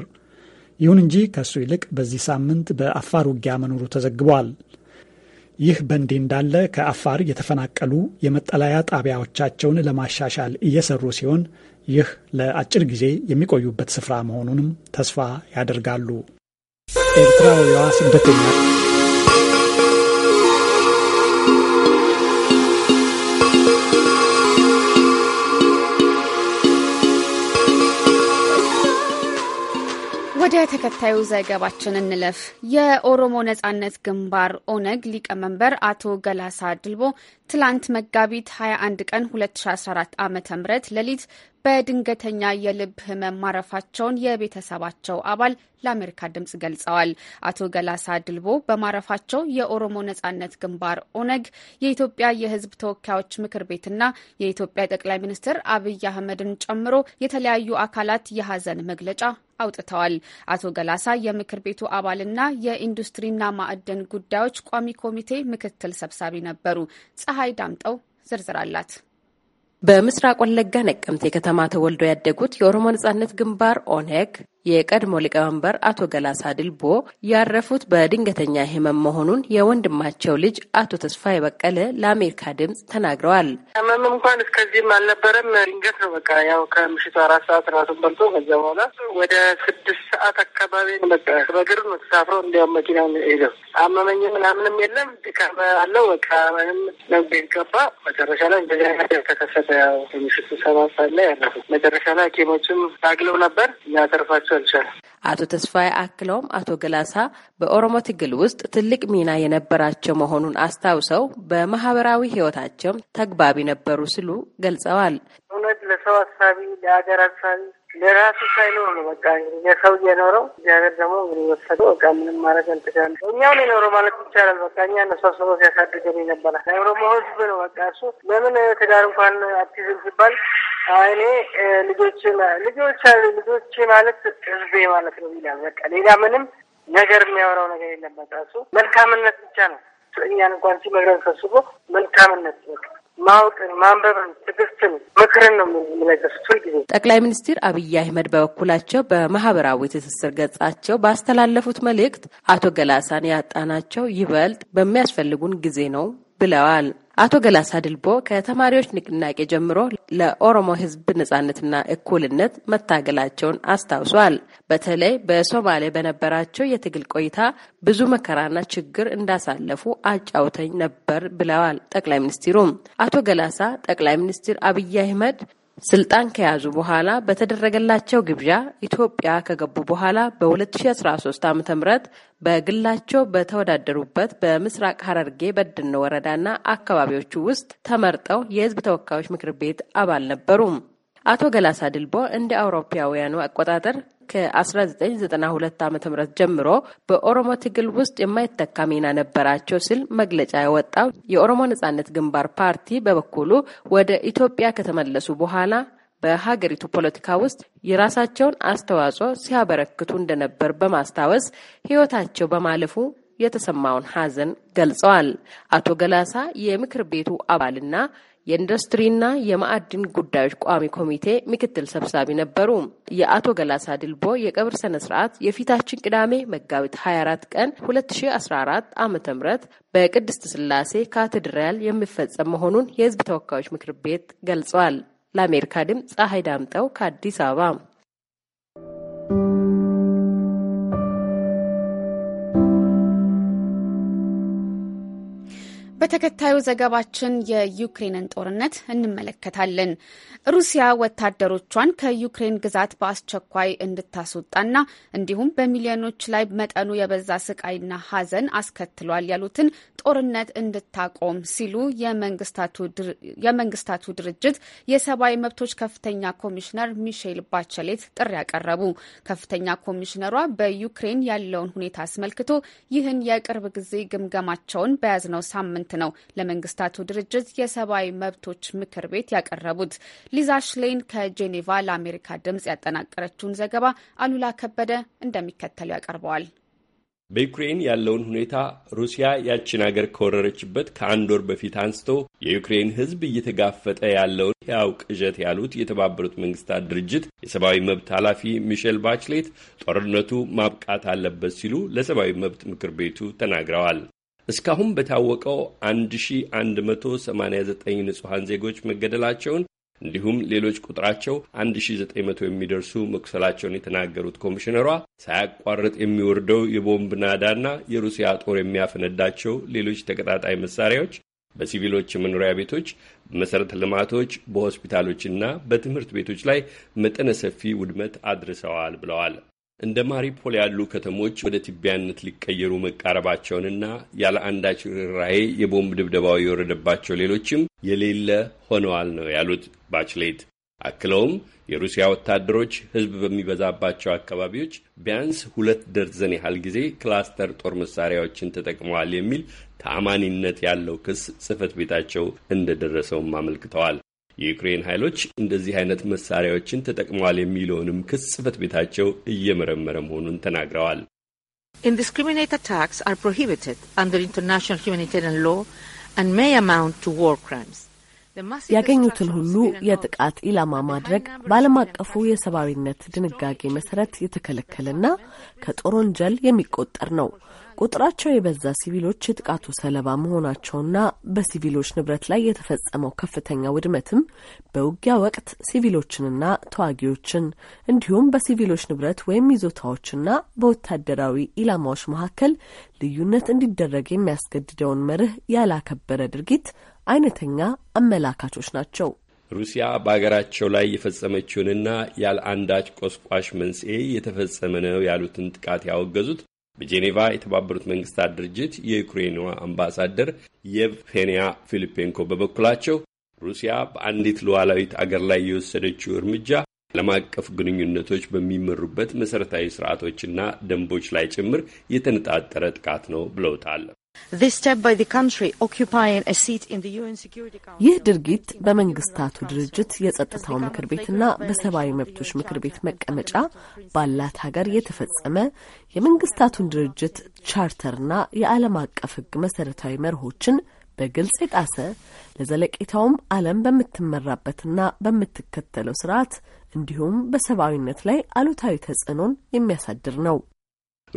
ይሁን እንጂ ከእሱ ይልቅ በዚህ ሳምንት በአፋር ውጊያ መኖሩ ተዘግቧል። ይህ በእንዲህ እንዳለ ከአፋር የተፈናቀሉ የመጠለያ ጣቢያዎቻቸውን ለማሻሻል እየሰሩ ሲሆን ይህ ለአጭር ጊዜ የሚቆዩበት ስፍራ መሆኑንም ተስፋ ያደርጋሉ። ኤርትራዊዋ ስደተኛ ተከታዩ ዘገባችን እንለፍ። የኦሮሞ ነጻነት ግንባር ኦነግ ሊቀመንበር አቶ ገላሳ ድልቦ ትላንት መጋቢት 21 ቀን 2014 ዓ ም ሌሊት በድንገተኛ የልብ ህመም ማረፋቸውን የቤተሰባቸው አባል ለአሜሪካ ድምጽ ገልጸዋል። አቶ ገላሳ ድልቦ በማረፋቸው የኦሮሞ ነጻነት ግንባር ኦነግ፣ የኢትዮጵያ የህዝብ ተወካዮች ምክር ቤትና የኢትዮጵያ ጠቅላይ ሚኒስትር አብይ አህመድን ጨምሮ የተለያዩ አካላት የሀዘን መግለጫ አውጥተዋል። አቶ ገላሳ የምክር ቤቱ አባልና የኢንዱስትሪና ማዕድን ጉዳዮች ቋሚ ኮሚቴ ምክትል ሰብሳቢ ነበሩ። ፀሐይ ዳምጠው ዝርዝር አላት። በምስራቅ ወለጋ ነቀምቴ ከተማ ተወልደው ያደጉት የኦሮሞ ነጻነት ግንባር ኦነግ የቀድሞ ሊቀመንበር አቶ ገላሳ ድልቦ ያረፉት በድንገተኛ ህመም መሆኑን የወንድማቸው ልጅ አቶ ተስፋ የበቀለ ለአሜሪካ ድምጽ ተናግረዋል። ህመም እንኳን እስከዚህም አልነበረም። ድንገት ነው። በቃ ያው ከምሽቱ አራት ሰዓት ራሱን በልቶ ከዚያ በኋላ ወደ ስድስት ሰዓት አካባቢ በቃ በእግር ነው ተሳፍሮ እንዲያውም መኪና ሄደው አመመኝ ምናምንም የለም ድካም አለው። በቃ ምንም ነው ቤት ገባ። መጨረሻ ላይ እንደዚህ አይነት ከተከሰተ ያው ከምሽቱ ሰባት ሰዓት ላይ ያረፉት። መጨረሻ ላይ ሐኪሞችም ታግለው ነበር እኛ ተርፋቸው አልቻለም። አቶ ተስፋዬ አክለውም አቶ ገላሳ በኦሮሞ ትግል ውስጥ ትልቅ ሚና የነበራቸው መሆኑን አስታውሰው በማህበራዊ ህይወታቸው ተግባቢ ነበሩ ሲሉ ገልጸዋል። እውነት ለሰው አሳቢ፣ ለሀገር አሳቢ፣ ለራሱ ሳይኖር ነው በቃ ለሰው የኖረው እግዚአብሔር ደግሞ እንግዲህ ወሰደው። በቃ ምንም ማድረግ አልተቻለ። እኛውን የኖረው ማለት ይቻላል። በቃ እኛ እነሱ አስሮ ሲያሳድገን ይነበራል። የኦሮሞ ህዝብ ነው በቃ እሱ ለምን ትዳር እንኳን አርቲዝም ሲባል እኔ ልጆች ልጆች ልጆች ማለት ህዝቤ ማለት ነው ይላል። በቃ ሌላ ምንም ነገር የሚያወራው ነገር የለም። በቃ እሱ መልካምነት ብቻ ነው። እኛን እንኳን ሲመግረን ሰብስቦ መልካምነት በቃ ማወቅን ማንበብን ትግስትን ምክርን ነው የምንለገሱት ሁልጊዜ። ጠቅላይ ሚኒስትር አብይ አህመድ በበኩላቸው በማህበራዊ ትስስር ገጻቸው ባስተላለፉት መልእክት አቶ ገላሳን ያጣናቸው ይበልጥ በሚያስፈልጉን ጊዜ ነው ብለዋል። አቶ ገላሳ ድልቦ ከተማሪዎች ንቅናቄ ጀምሮ ለኦሮሞ ሕዝብ ነጻነትና እኩልነት መታገላቸውን አስታውሷል። በተለይ በሶማሌ በነበራቸው የትግል ቆይታ ብዙ መከራና ችግር እንዳሳለፉ አጫውተኝ ነበር ብለዋል ጠቅላይ ሚኒስትሩም። አቶ ገላሳ ጠቅላይ ሚኒስትር አብይ አህመድ ስልጣን ከያዙ በኋላ በተደረገላቸው ግብዣ ኢትዮጵያ ከገቡ በኋላ በ2013 ዓ.ም በግላቸው በተወዳደሩበት በምስራቅ ሐረርጌ በድኖ ወረዳና አካባቢዎቹ ውስጥ ተመርጠው የህዝብ ተወካዮች ምክር ቤት አባል ነበሩም። አቶ ገላሳ ድልቦ እንደ አውሮፓውያኑ አቆጣጠር ከ1992 ዓ ም ጀምሮ በኦሮሞ ትግል ውስጥ የማይተካ ሚና ነበራቸው ሲል መግለጫ ያወጣው የኦሮሞ ነጻነት ግንባር ፓርቲ በበኩሉ ወደ ኢትዮጵያ ከተመለሱ በኋላ በሀገሪቱ ፖለቲካ ውስጥ የራሳቸውን አስተዋጽኦ ሲያበረክቱ እንደነበር በማስታወስ ሕይወታቸው በማለፉ የተሰማውን ሐዘን ገልጸዋል። አቶ ገላሳ የምክር ቤቱ አባልና የኢንዱስትሪና የማዕድን ጉዳዮች ቋሚ ኮሚቴ ምክትል ሰብሳቢ ነበሩ። የአቶ ገላሳ ድልቦ የቀብር ስነ ስርዓት የፊታችን ቅዳሜ መጋቢት 24 ቀን 2014 ዓ ም በቅድስት ስላሴ ካቴድራል የሚፈጸም መሆኑን የህዝብ ተወካዮች ምክር ቤት ገልጿል። ለአሜሪካ ድምፅ ፀሐይ ዳምጠው ከአዲስ አበባ በተከታዩ ዘገባችን የዩክሬንን ጦርነት እንመለከታለን። ሩሲያ ወታደሮቿን ከዩክሬን ግዛት በአስቸኳይ እንድታስወጣና እንዲሁም በሚሊዮኖች ላይ መጠኑ የበዛ ስቃይና ሐዘን አስከትሏል ያሉትን ጦርነት እንድታቆም ሲሉ የመንግስታቱ ድርጅት የሰብአዊ መብቶች ከፍተኛ ኮሚሽነር ሚሼል ባቸሌት ጥሪ ያቀረቡ። ከፍተኛ ኮሚሽነሯ በዩክሬን ያለውን ሁኔታ አስመልክቶ ይህን የቅርብ ጊዜ ግምገማቸውን በያዝነው ሳምንት ጥናት ነው ለመንግስታቱ ድርጅት የሰብአዊ መብቶች ምክር ቤት ያቀረቡት። ሊዛ ሽሌን ከጄኔቫ ለአሜሪካ ድምጽ ያጠናቀረችውን ዘገባ አሉላ ከበደ እንደሚከተለው ያቀርበዋል። በዩክሬን ያለውን ሁኔታ ሩሲያ ያችን አገር ከወረረችበት ከአንድ ወር በፊት አንስቶ የዩክሬን ሕዝብ እየተጋፈጠ ያለውን ሕያው ቅዠት ያሉት የተባበሩት መንግስታት ድርጅት የሰብአዊ መብት ኃላፊ ሚሼል ባችሌት ጦርነቱ ማብቃት አለበት ሲሉ ለሰብአዊ መብት ምክር ቤቱ ተናግረዋል። እስካሁን በታወቀው 1189 ንጹሐን ዜጎች መገደላቸውን እንዲሁም ሌሎች ቁጥራቸው 1900 የሚደርሱ መቁሰላቸውን የተናገሩት ኮሚሽነሯ ሳያቋርጥ የሚወርደው የቦምብ ናዳና የሩሲያ ጦር የሚያፈነዳቸው ሌሎች ተቀጣጣይ መሳሪያዎች በሲቪሎች መኖሪያ ቤቶች፣ በመሠረተ ልማቶች፣ በሆስፒታሎችና በትምህርት ቤቶች ላይ መጠነ ሰፊ ውድመት አድርሰዋል ብለዋል። እንደ ማሪፖል ያሉ ከተሞች ወደ ትቢያነት ሊቀየሩ መቃረባቸውንና ያለ አንዳች ርኅራኄ የቦምብ ድብደባው የወረደባቸው ሌሎችም የሌለ ሆነዋል ነው ያሉት ባችሌት። አክለውም የሩሲያ ወታደሮች ሕዝብ በሚበዛባቸው አካባቢዎች ቢያንስ ሁለት ደርዘን ያህል ጊዜ ክላስተር ጦር መሳሪያዎችን ተጠቅመዋል የሚል ተአማኒነት ያለው ክስ ጽህፈት ቤታቸው እንደደረሰውም አመልክተዋል። የዩክሬን ኃይሎች እንደዚህ አይነት መሳሪያዎችን ተጠቅመዋል የሚለውንም ክስ ጽሕፈት ቤታቸው እየመረመረ መሆኑን ተናግረዋል። indiscriminate attacks are prohibited under international humanitarian law and may amount to war crimes. ያገኙትን ሁሉ የጥቃት ኢላማ ማድረግ በዓለም አቀፉ የሰብአዊነት ድንጋጌ መሰረት የተከለከለና ከጦር ወንጀል የሚቆጠር ነው። ቁጥራቸው የበዛ ሲቪሎች የጥቃቱ ሰለባ መሆናቸውና በሲቪሎች ንብረት ላይ የተፈጸመው ከፍተኛ ውድመትም በውጊያ ወቅት ሲቪሎችንና ተዋጊዎችን እንዲሁም በሲቪሎች ንብረት ወይም ይዞታዎችና በወታደራዊ ኢላማዎች መካከል ልዩነት እንዲደረግ የሚያስገድደውን መርህ ያላከበረ ድርጊት አይነተኛ አመላካቾች ናቸው። ሩሲያ በሀገራቸው ላይ የፈጸመችውንና ያለ አንዳች ቆስቋሽ መንስኤ የተፈጸመ ነው ያሉትን ጥቃት ያወገዙት በጄኔቫ የተባበሩት መንግስታት ድርጅት የዩክሬኗ አምባሳደር የቭፌንያ ፊሊፔንኮ በበኩላቸው ሩሲያ በአንዲት ሉዓላዊት አገር ላይ የወሰደችው እርምጃ ዓለም አቀፍ ግንኙነቶች በሚመሩበት መሠረታዊ ስርዓቶችና ደንቦች ላይ ጭምር የተነጣጠረ ጥቃት ነው ብለውታል። ይህ ድርጊት በመንግስታቱ ድርጅት የጸጥታው ምክር ቤትና በሰብአዊ መብቶች ምክር ቤት መቀመጫ ባላት ሀገር የተፈጸመ የመንግስታቱን ድርጅት ቻርተርና የዓለም አቀፍ ሕግ መሰረታዊ መርሆችን በግልጽ የጣሰ ለዘለቄታውም ዓለም በምትመራበትና በምትከተለው ስርዓት እንዲሁም በሰብአዊነት ላይ አሉታዊ ተጽዕኖን የሚያሳድር ነው።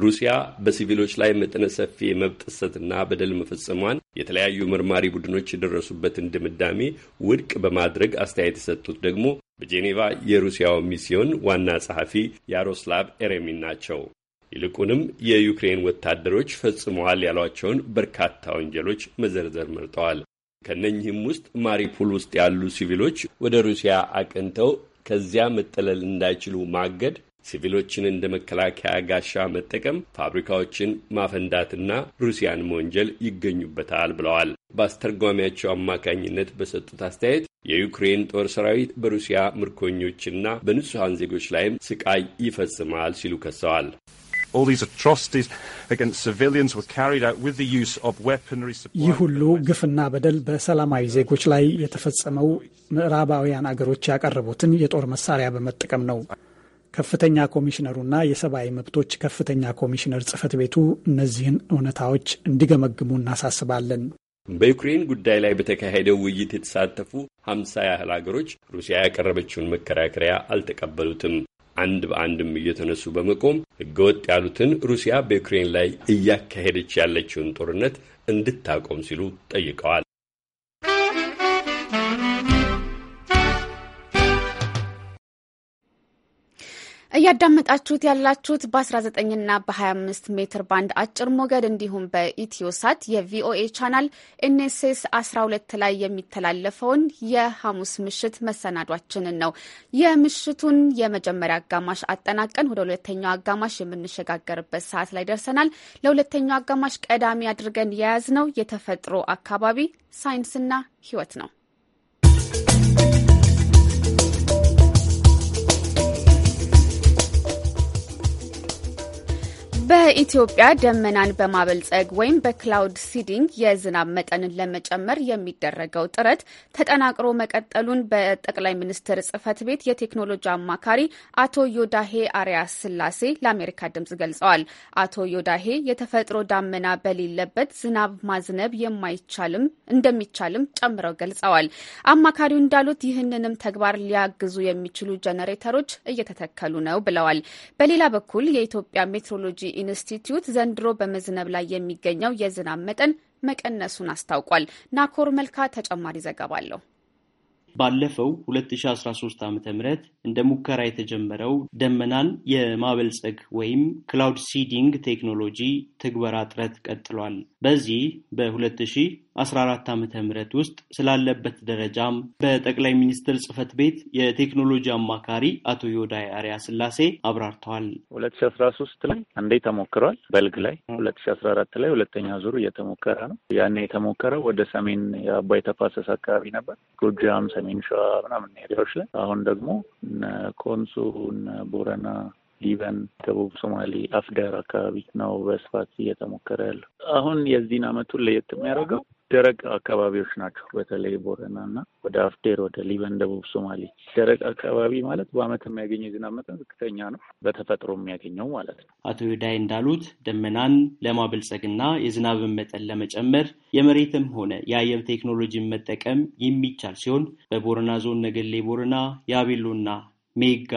ሩሲያ በሲቪሎች ላይ መጠነ ሰፊ የመብት ጥሰትና በደል መፈጸሟን የተለያዩ መርማሪ ቡድኖች የደረሱበትን ድምዳሜ ውድቅ በማድረግ አስተያየት የሰጡት ደግሞ በጄኔቫ የሩሲያው ሚስዮን ዋና ጸሐፊ ያሮስላቭ ኤሬሚን ናቸው። ይልቁንም የዩክሬን ወታደሮች ፈጽመዋል ያሏቸውን በርካታ ወንጀሎች መዘርዘር መርጠዋል። ከነኚህም ውስጥ ማሪፑል ውስጥ ያሉ ሲቪሎች ወደ ሩሲያ አቅንተው ከዚያ መጠለል እንዳይችሉ ማገድ ሲቪሎችን እንደ መከላከያ ጋሻ መጠቀም፣ ፋብሪካዎችን ማፈንዳትና ሩሲያን መወንጀል ይገኙበታል ብለዋል። በአስተርጓሚያቸው አማካኝነት በሰጡት አስተያየት የዩክሬን ጦር ሰራዊት በሩሲያ ምርኮኞችና በንጹሐን ዜጎች ላይም ስቃይ ይፈጽማል ሲሉ ከሰዋል። ይህ ሁሉ ግፍና በደል በሰላማዊ ዜጎች ላይ የተፈጸመው ምዕራባውያን አገሮች ያቀረቡትን የጦር መሳሪያ በመጠቀም ነው። ከፍተኛ ኮሚሽነሩና የሰብአዊ መብቶች ከፍተኛ ኮሚሽነር ጽህፈት ቤቱ እነዚህን እውነታዎች እንዲገመግሙ እናሳስባለን። በዩክሬን ጉዳይ ላይ በተካሄደው ውይይት የተሳተፉ ሀምሳ ያህል ሀገሮች ሩሲያ ያቀረበችውን መከራከሪያ አልተቀበሉትም። አንድ በአንድም እየተነሱ በመቆም ህገወጥ ያሉትን ሩሲያ በዩክሬን ላይ እያካሄደች ያለችውን ጦርነት እንድታቆም ሲሉ ጠይቀዋል። እያዳመጣችሁት ያላችሁት በ19ና በ25 ሜትር ባንድ አጭር ሞገድ እንዲሁም በኢትዮሳት የቪኦኤ ቻናል ኤንኤስኤስ 12 ላይ የሚተላለፈውን የሐሙስ ምሽት መሰናዷችንን ነው። የምሽቱን የመጀመሪያ አጋማሽ አጠናቀን ወደ ሁለተኛው አጋማሽ የምንሸጋገርበት ሰዓት ላይ ደርሰናል። ለሁለተኛው አጋማሽ ቀዳሚ አድርገን የያዝነው የተፈጥሮ አካባቢ ሳይንስና ሕይወት ነው። በኢትዮጵያ ደመናን በማበልጸግ ወይም በክላውድ ሲዲንግ የዝናብ መጠንን ለመጨመር የሚደረገው ጥረት ተጠናክሮ መቀጠሉን በጠቅላይ ሚኒስትር ጽህፈት ቤት የቴክኖሎጂ አማካሪ አቶ ዮዳሄ አርያ ስላሴ ለአሜሪካ ድምጽ ገልጸዋል። አቶ ዮዳሄ የተፈጥሮ ዳመና በሌለበት ዝናብ ማዝነብ የማይቻልም እንደሚቻልም ጨምረው ገልጸዋል። አማካሪው እንዳሉት ይህንንም ተግባር ሊያግዙ የሚችሉ ጀነሬተሮች እየተተከሉ ነው ብለዋል። በሌላ በኩል የኢትዮጵያ ሜትሮሎጂ ኢንስቲትዩት ዘንድሮ በመዝነብ ላይ የሚገኘው የዝናብ መጠን መቀነሱን አስታውቋል። ናኮር መልካ ተጨማሪ ዘገባ አለው። ባለፈው 2013 ዓ.ም እንደ ሙከራ የተጀመረው ደመናን የማበልጸግ ወይም ክላውድ ሲዲንግ ቴክኖሎጂ ትግበራ ጥረት ቀጥሏል። በዚህ በ2014 ዓ ም ውስጥ ስላለበት ደረጃም በጠቅላይ ሚኒስትር ጽህፈት ቤት የቴክኖሎጂ አማካሪ አቶ ዮዳይ አሪያ ስላሴ አብራርተዋል። 2013 ላይ አንዴ ተሞክሯል። በልግ ላይ 2014 ላይ ሁለተኛ ዙር እየተሞከረ ነው። ያኔ የተሞከረው ወደ ሰሜን የአባይ ተፋሰስ አካባቢ ነበር። ጎጃም፣ ሰሜን ሸዋ ምናምን ሄዳዎች ላይ አሁን ደግሞ እነ ኮንሶ፣ እነ ቦረና ሊበን፣ ደቡብ ሶማሌ፣ አፍደር አካባቢ ነው በስፋት እየተሞከረ ያለው። አሁን የዚህን አመቱን ለየት የሚያደርገው ደረቅ አካባቢዎች ናቸው። በተለይ ቦረና እና ወደ አፍዴር ወደ ሊበን ደቡብ ሶማሌ ደረቅ አካባቢ ማለት በዓመት የሚያገኘ የዝናብ መጠን ዝቅተኛ ነው፣ በተፈጥሮ የሚያገኘው ማለት ነው። አቶ ይሁዳይ እንዳሉት ደመናን ለማበልጸግና የዝናብን መጠን ለመጨመር የመሬትም ሆነ የአየር ቴክኖሎጂን መጠቀም የሚቻል ሲሆን በቦረና ዞን ነገሌ ቦረና፣ የአቤሎና ሜጋ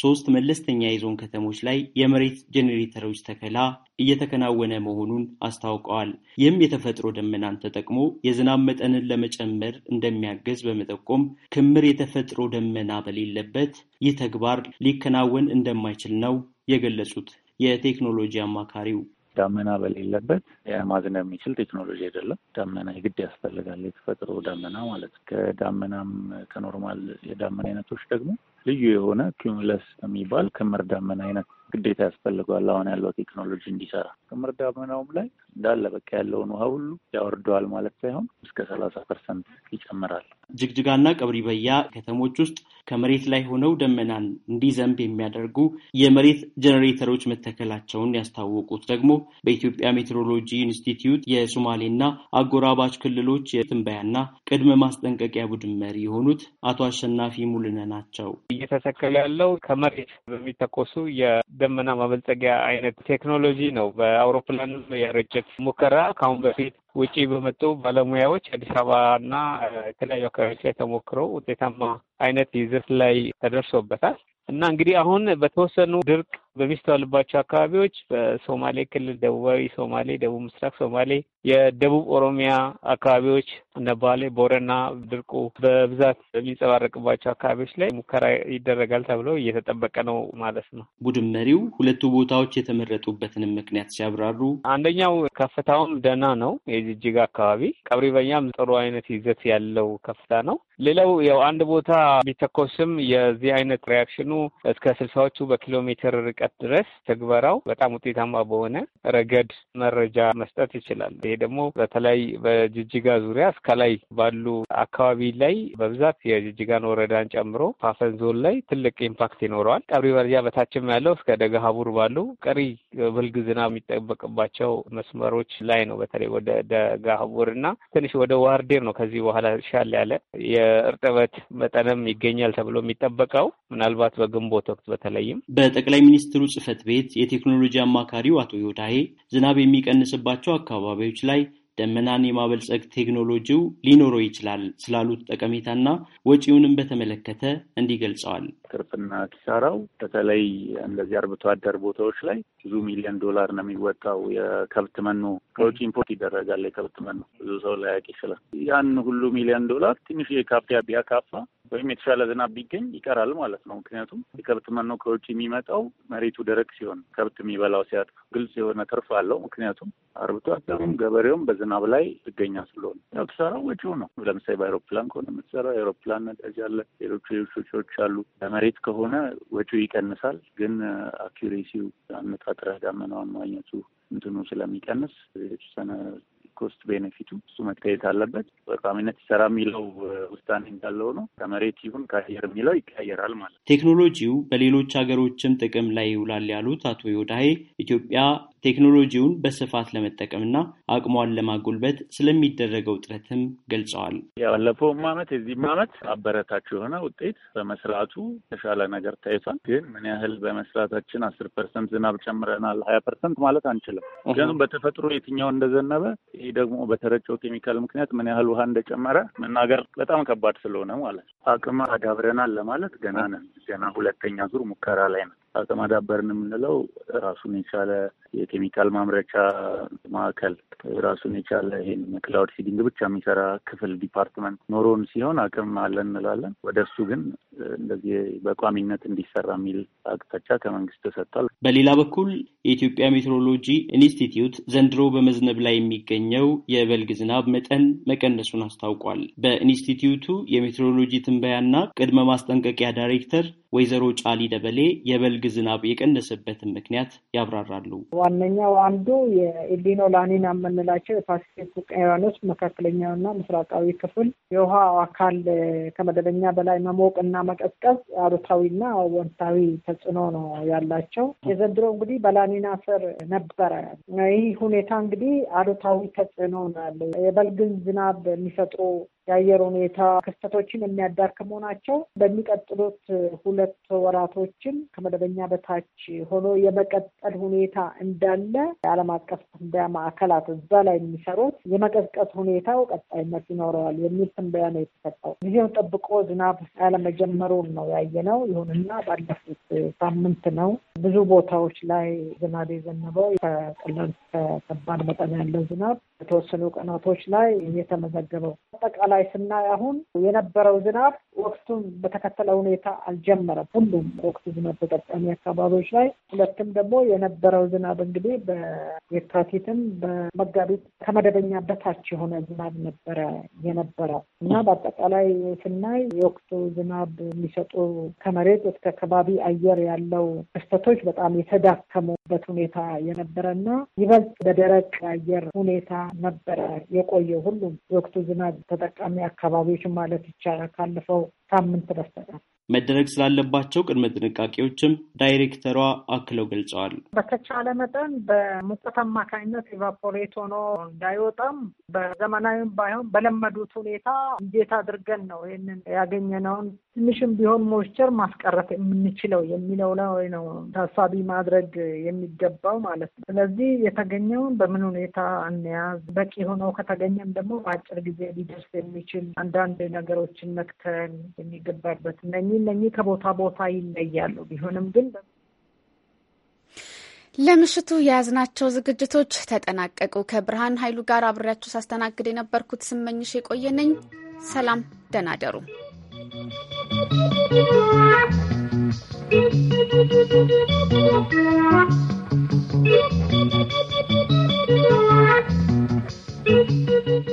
ሶስት መለስተኛ የዞን ከተሞች ላይ የመሬት ጄኔሬተሮች ተከላ እየተከናወነ መሆኑን አስታውቀዋል። ይህም የተፈጥሮ ደመናን ተጠቅሞ የዝናብ መጠንን ለመጨመር እንደሚያገዝ በመጠቆም ክምር የተፈጥሮ ደመና በሌለበት ይህ ተግባር ሊከናወን እንደማይችል ነው የገለጹት። የቴክኖሎጂ አማካሪው ዳመና በሌለበት ማዝነብ የሚችል ቴክኖሎጂ አይደለም። ዳመና የግድ ያስፈልጋል፣ የተፈጥሮ ዳመና ማለት ከዳመናም ከኖርማል የዳመና አይነቶች ደግሞ ልዩ የሆነ ኪሙለስ የሚባል ክምር ደመና አይነት ግዴታ ያስፈልገዋል። አሁን ያለው ቴክኖሎጂ እንዲሰራ ክምር ዳመናውም ላይ እንዳለ በቃ ያለውን ውሃ ሁሉ ያወርደዋል ማለት ሳይሆን እስከ ሰላሳ ፐርሰንት ይጨምራል። ጅግጅጋና ቀብሪ በያ ከተሞች ውስጥ ከመሬት ላይ ሆነው ደመናን እንዲዘንብ የሚያደርጉ የመሬት ጀኔሬተሮች መተከላቸውን ያስታወቁት ደግሞ በኢትዮጵያ ሜትሮሎጂ ኢንስቲትዩት የሶማሌና አጎራባች ክልሎች የትንበያና ቅድመ ማስጠንቀቂያ ቡድን መሪ የሆኑት አቶ አሸናፊ ሙልነ ናቸው። እየተሰከለ ያለው ከመሬት በሚተኮሱ ደመና ማበልጸጊያ አይነት ቴክኖሎጂ ነው። በአውሮፕላን የርጭት ሙከራ ከአሁን በፊት ውጪ በመጡ ባለሙያዎች አዲስ አበባና የተለያዩ አካባቢዎች ላይ ተሞክሮ ውጤታማ አይነት ይዘት ላይ ተደርሶበታል እና እንግዲህ አሁን በተወሰኑ ድርቅ በሚስተዋልባቸው አካባቢዎች በሶማሌ ክልል፣ ደቡባዊ ሶማሌ፣ ደቡብ ምስራቅ ሶማሌ፣ የደቡብ ኦሮሚያ አካባቢዎች እነ ባሌ፣ ቦረና ድርቁ በብዛት በሚንጸባረቅባቸው አካባቢዎች ላይ ሙከራ ይደረጋል ተብሎ እየተጠበቀ ነው ማለት ነው። ቡድን መሪው ሁለቱ ቦታዎች የተመረጡበትንም ምክንያት ሲያብራሩ አንደኛው ከፍታውም ደህና ነው። የጅጅጋ አካባቢ ቀብሪበኛም ጥሩ አይነት ይዘት ያለው ከፍታ ነው። ሌላው ያው አንድ ቦታ ቢተኮስም የዚህ አይነት ሪያክሽኑ እስከ ስልሳዎቹ በኪሎ ሜትር ርቀ ርቀት ድረስ ትግበራው በጣም ውጤታማ በሆነ ረገድ መረጃ መስጠት ይችላል። ይሄ ደግሞ በተለይ በጅጅጋ ዙሪያ እስከላይ ባሉ አካባቢ ላይ በብዛት የጅጅጋን ወረዳን ጨምሮ ፋፈን ዞን ላይ ትልቅ ኢምፓክት ይኖረዋል። ቀብሪ መረጃ በታችም ያለው እስከ ደገ ሀቡር ባሉ ቀሪ ብልግ ዝናብ የሚጠበቅባቸው መስመሮች ላይ ነው። በተለይ ወደ ደገ ሀቡር እና ትንሽ ወደ ዋርዴር ነው። ከዚህ በኋላ ሻል ያለ የእርጥበት መጠንም ይገኛል ተብሎ የሚጠበቀው ምናልባት በግንቦት ወቅት በተለይም በጠቅላይ ሚኒስትር ሚኒስትሩ ጽህፈት ቤት የቴክኖሎጂ አማካሪው አቶ ዮዳሄ ዝናብ የሚቀንስባቸው አካባቢዎች ላይ ደመናን የማበልጸግ ቴክኖሎጂው ሊኖረው ይችላል ስላሉት ጠቀሜታና ወጪውንም በተመለከተ እንዲህ ገልጸዋል። ትርፍና ኪሳራው በተለይ እንደዚህ አርብቶ አደር ቦታዎች ላይ ብዙ ሚሊዮን ዶላር ነው የሚወጣው። የከብት መኖ ከውጭ ኢምፖርት ይደረጋል። የከብት መኖ ብዙ ሰው ላያውቅ ይችላል። ያን ሁሉ ሚሊዮን ዶላር ትንሽ የካፒያ ቢያካፋ ወይም የተሻለ ዝናብ ቢገኝ ይቀራል ማለት ነው። ምክንያቱም የከብት መኖ ከውጭ የሚመጣው መሬቱ ደረቅ ሲሆን ከብት የሚበላው ሲያጥፍ ግልጽ የሆነ ትርፍ አለው። ምክንያቱም አርብቶ አደሩም ገበሬውም በዝናብ ላይ ጥገኛ ስለሆነ ያው ኪሳራው ወጪው ነው። ለምሳሌ በአይሮፕላን ከሆነ የምትሰራው የአይሮፕላን ነዳጅ አለ፣ ሌሎቹ ወጪዎች አሉ። ለመሬት ከሆነ ወጪው ይቀንሳል፣ ግን አኪሬሲው አነጣጥረህ ዳመናውን ማግኘቱ እንትኑ ስለሚቀንስ የተወሰነ ኮስት ቤኔፊቱ እሱ መታየት አለበት። ጠቃሚነት ይሰራ የሚለው ውሳኔ እንዳለው ነው። ከመሬት ይሁን ከአየር የሚለው ይቀያየራል ማለት ነው። ቴክኖሎጂው በሌሎች ሀገሮችም ጥቅም ላይ ይውላል ያሉት አቶ ዮዳሄ ኢትዮጵያ ቴክኖሎጂውን በስፋት ለመጠቀምና አቅሟን ለማጎልበት ስለሚደረገው ጥረትም ገልጸዋል። ያለፈውም ዓመት የዚህም ዓመት አበረታች የሆነ ውጤት በመስራቱ የተሻለ ነገር ታይቷል። ግን ምን ያህል በመስራታችን አስር ፐርሰንት ዝናብ ጨምረናል ሀያ ፐርሰንት ማለት አንችልም። ምክንያቱም በተፈጥሮ የትኛው እንደዘነበ ይህ ደግሞ በተረጨው ኬሚካል ምክንያት ምን ያህል ውሃ እንደጨመረ መናገር በጣም ከባድ ስለሆነ ማለት አቅም አዳብረናል ለማለት ገና ነን። ገና ሁለተኛ ዙር ሙከራ ላይ ነው። አቅም አዳበርን የምንለው ራሱን የቻለ የኬሚካል ማምረቻ ማዕከል ራሱን የቻለ ይህን ክላውድ ሲዲንግ ብቻ የሚሰራ ክፍል ዲፓርትመንት ኖሮን ሲሆን አቅም አለን እንላለን። ወደ እሱ ግን እንደዚህ በቋሚነት እንዲሰራ የሚል አቅጣጫ ከመንግስት ተሰጥቷል። በሌላ በኩል የኢትዮጵያ ሜትሮሎጂ ኢንስቲትዩት ዘንድሮ በመዝነብ ላይ የሚገኘው የበልግ ዝናብ መጠን መቀነሱን አስታውቋል። በኢንስቲትዩቱ የሜትሮሎጂ ትንበያና ቅድመ ማስጠንቀቂያ ዳይሬክተር ወይዘሮ ጫሊ ደበሌ የበልግ የጥግ ዝናብ የቀነሰበትን ምክንያት ያብራራሉ። ዋነኛው አንዱ የኤልኒኖ ላኒና የምንላቸው የፓሲፊክ ውቅያኖስ መካከለኛውና ምስራቃዊ ክፍል የውሃ አካል ከመደበኛ በላይ መሞቅ እና መቀዝቀዝ አሉታዊና ወንታዊ ተጽዕኖ ነው ያላቸው። የዘንድሮ እንግዲህ በላኒና ስር ነበረ። ይህ ሁኔታ እንግዲህ አሉታዊ ተጽዕኖ ነው ያለው። የበልግን ዝናብ የሚፈጥሩ የአየር ሁኔታ ክስተቶችን የሚያዳርክ መሆናቸው በሚቀጥሉት ሁለት ወራቶችም ከመደበኛ በታች ሆኖ የመቀጠል ሁኔታ እንዳለ የዓለም አቀፍ ትንበያ ማዕከላት እዛ ላይ የሚሰሩት የመቀዝቀዝ ሁኔታው ቀጣይነት ይኖረዋል የሚል ትንበያ ነው የተሰጠው። ጊዜውን ጠብቆ ዝናብ ያለመጀመሩን ነው ያየነው። ይሁንና ባለፉት ሳምንት ነው ብዙ ቦታዎች ላይ ዝናብ የዘነበው። ከቀላል ከባድ መጠን ያለው ዝናብ በተወሰኑ ቀናቶች ላይ እየተመዘገበው አጠቃላይ ላይ ስናይ አሁን የነበረው ዝናብ ወቅቱን በተከተለ ሁኔታ አልጀመረም። ሁሉም ወቅቱ ዝናብ ተጠቃሚ አካባቢዎች ላይ ሁለትም ደግሞ የነበረው ዝናብ እንግዲህ በየካቲትም በመጋቢት ከመደበኛ በታች የሆነ ዝናብ ነበረ የነበረው እና በአጠቃላይ ስናይ የወቅቱ ዝናብ የሚሰጡ ከመሬት እስከ ከባቢ አየር ያለው ክስተቶች በጣም የተዳከሙበት ሁኔታ የነበረ እና ይበልጥ በደረቅ አየር ሁኔታ ነበረ የቆየው ሁሉም የወቅቱ ዝናብ ተጠቃ አጋጣሚ አካባቢዎች ማለት ይቻላል ካለፈው ሳምንት በስተቀር መደረግ ስላለባቸው ቅድመ ጥንቃቄዎችም ዳይሬክተሯ አክለው ገልጸዋል። በተቻለ መጠን በሙቀት አማካኝነት ኢቫፖሬት ሆኖ እንዳይወጣም በዘመናዊም ባይሆን በለመዱት ሁኔታ እንዴት አድርገን ነው ይህንን ያገኘነውን ትንሽም ቢሆን ሞይስቸር ማስቀረት የምንችለው የሚለው ላይ ነው ታሳቢ ማድረግ የሚገባው ማለት ነው። ስለዚህ የተገኘውን በምን ሁኔታ እንያዝ፣ በቂ ሆነው ከተገኘም ደግሞ በአጭር ጊዜ ሊደርስ የሚችል አንዳንድ ነገሮችን መክተል የሚገባበት እነ እነኚህ እነኚህ ከቦታ ቦታ ይለያሉ። ቢሆንም ግን ለምሽቱ የያዝናቸው ዝግጅቶች ተጠናቀቁ። ከብርሃን ኃይሉ ጋር አብሬያችሁ ሳስተናግድ የነበርኩት ስመኝሽ የቆየ ነኝ። ሰላም፣ ደህና ደሩ።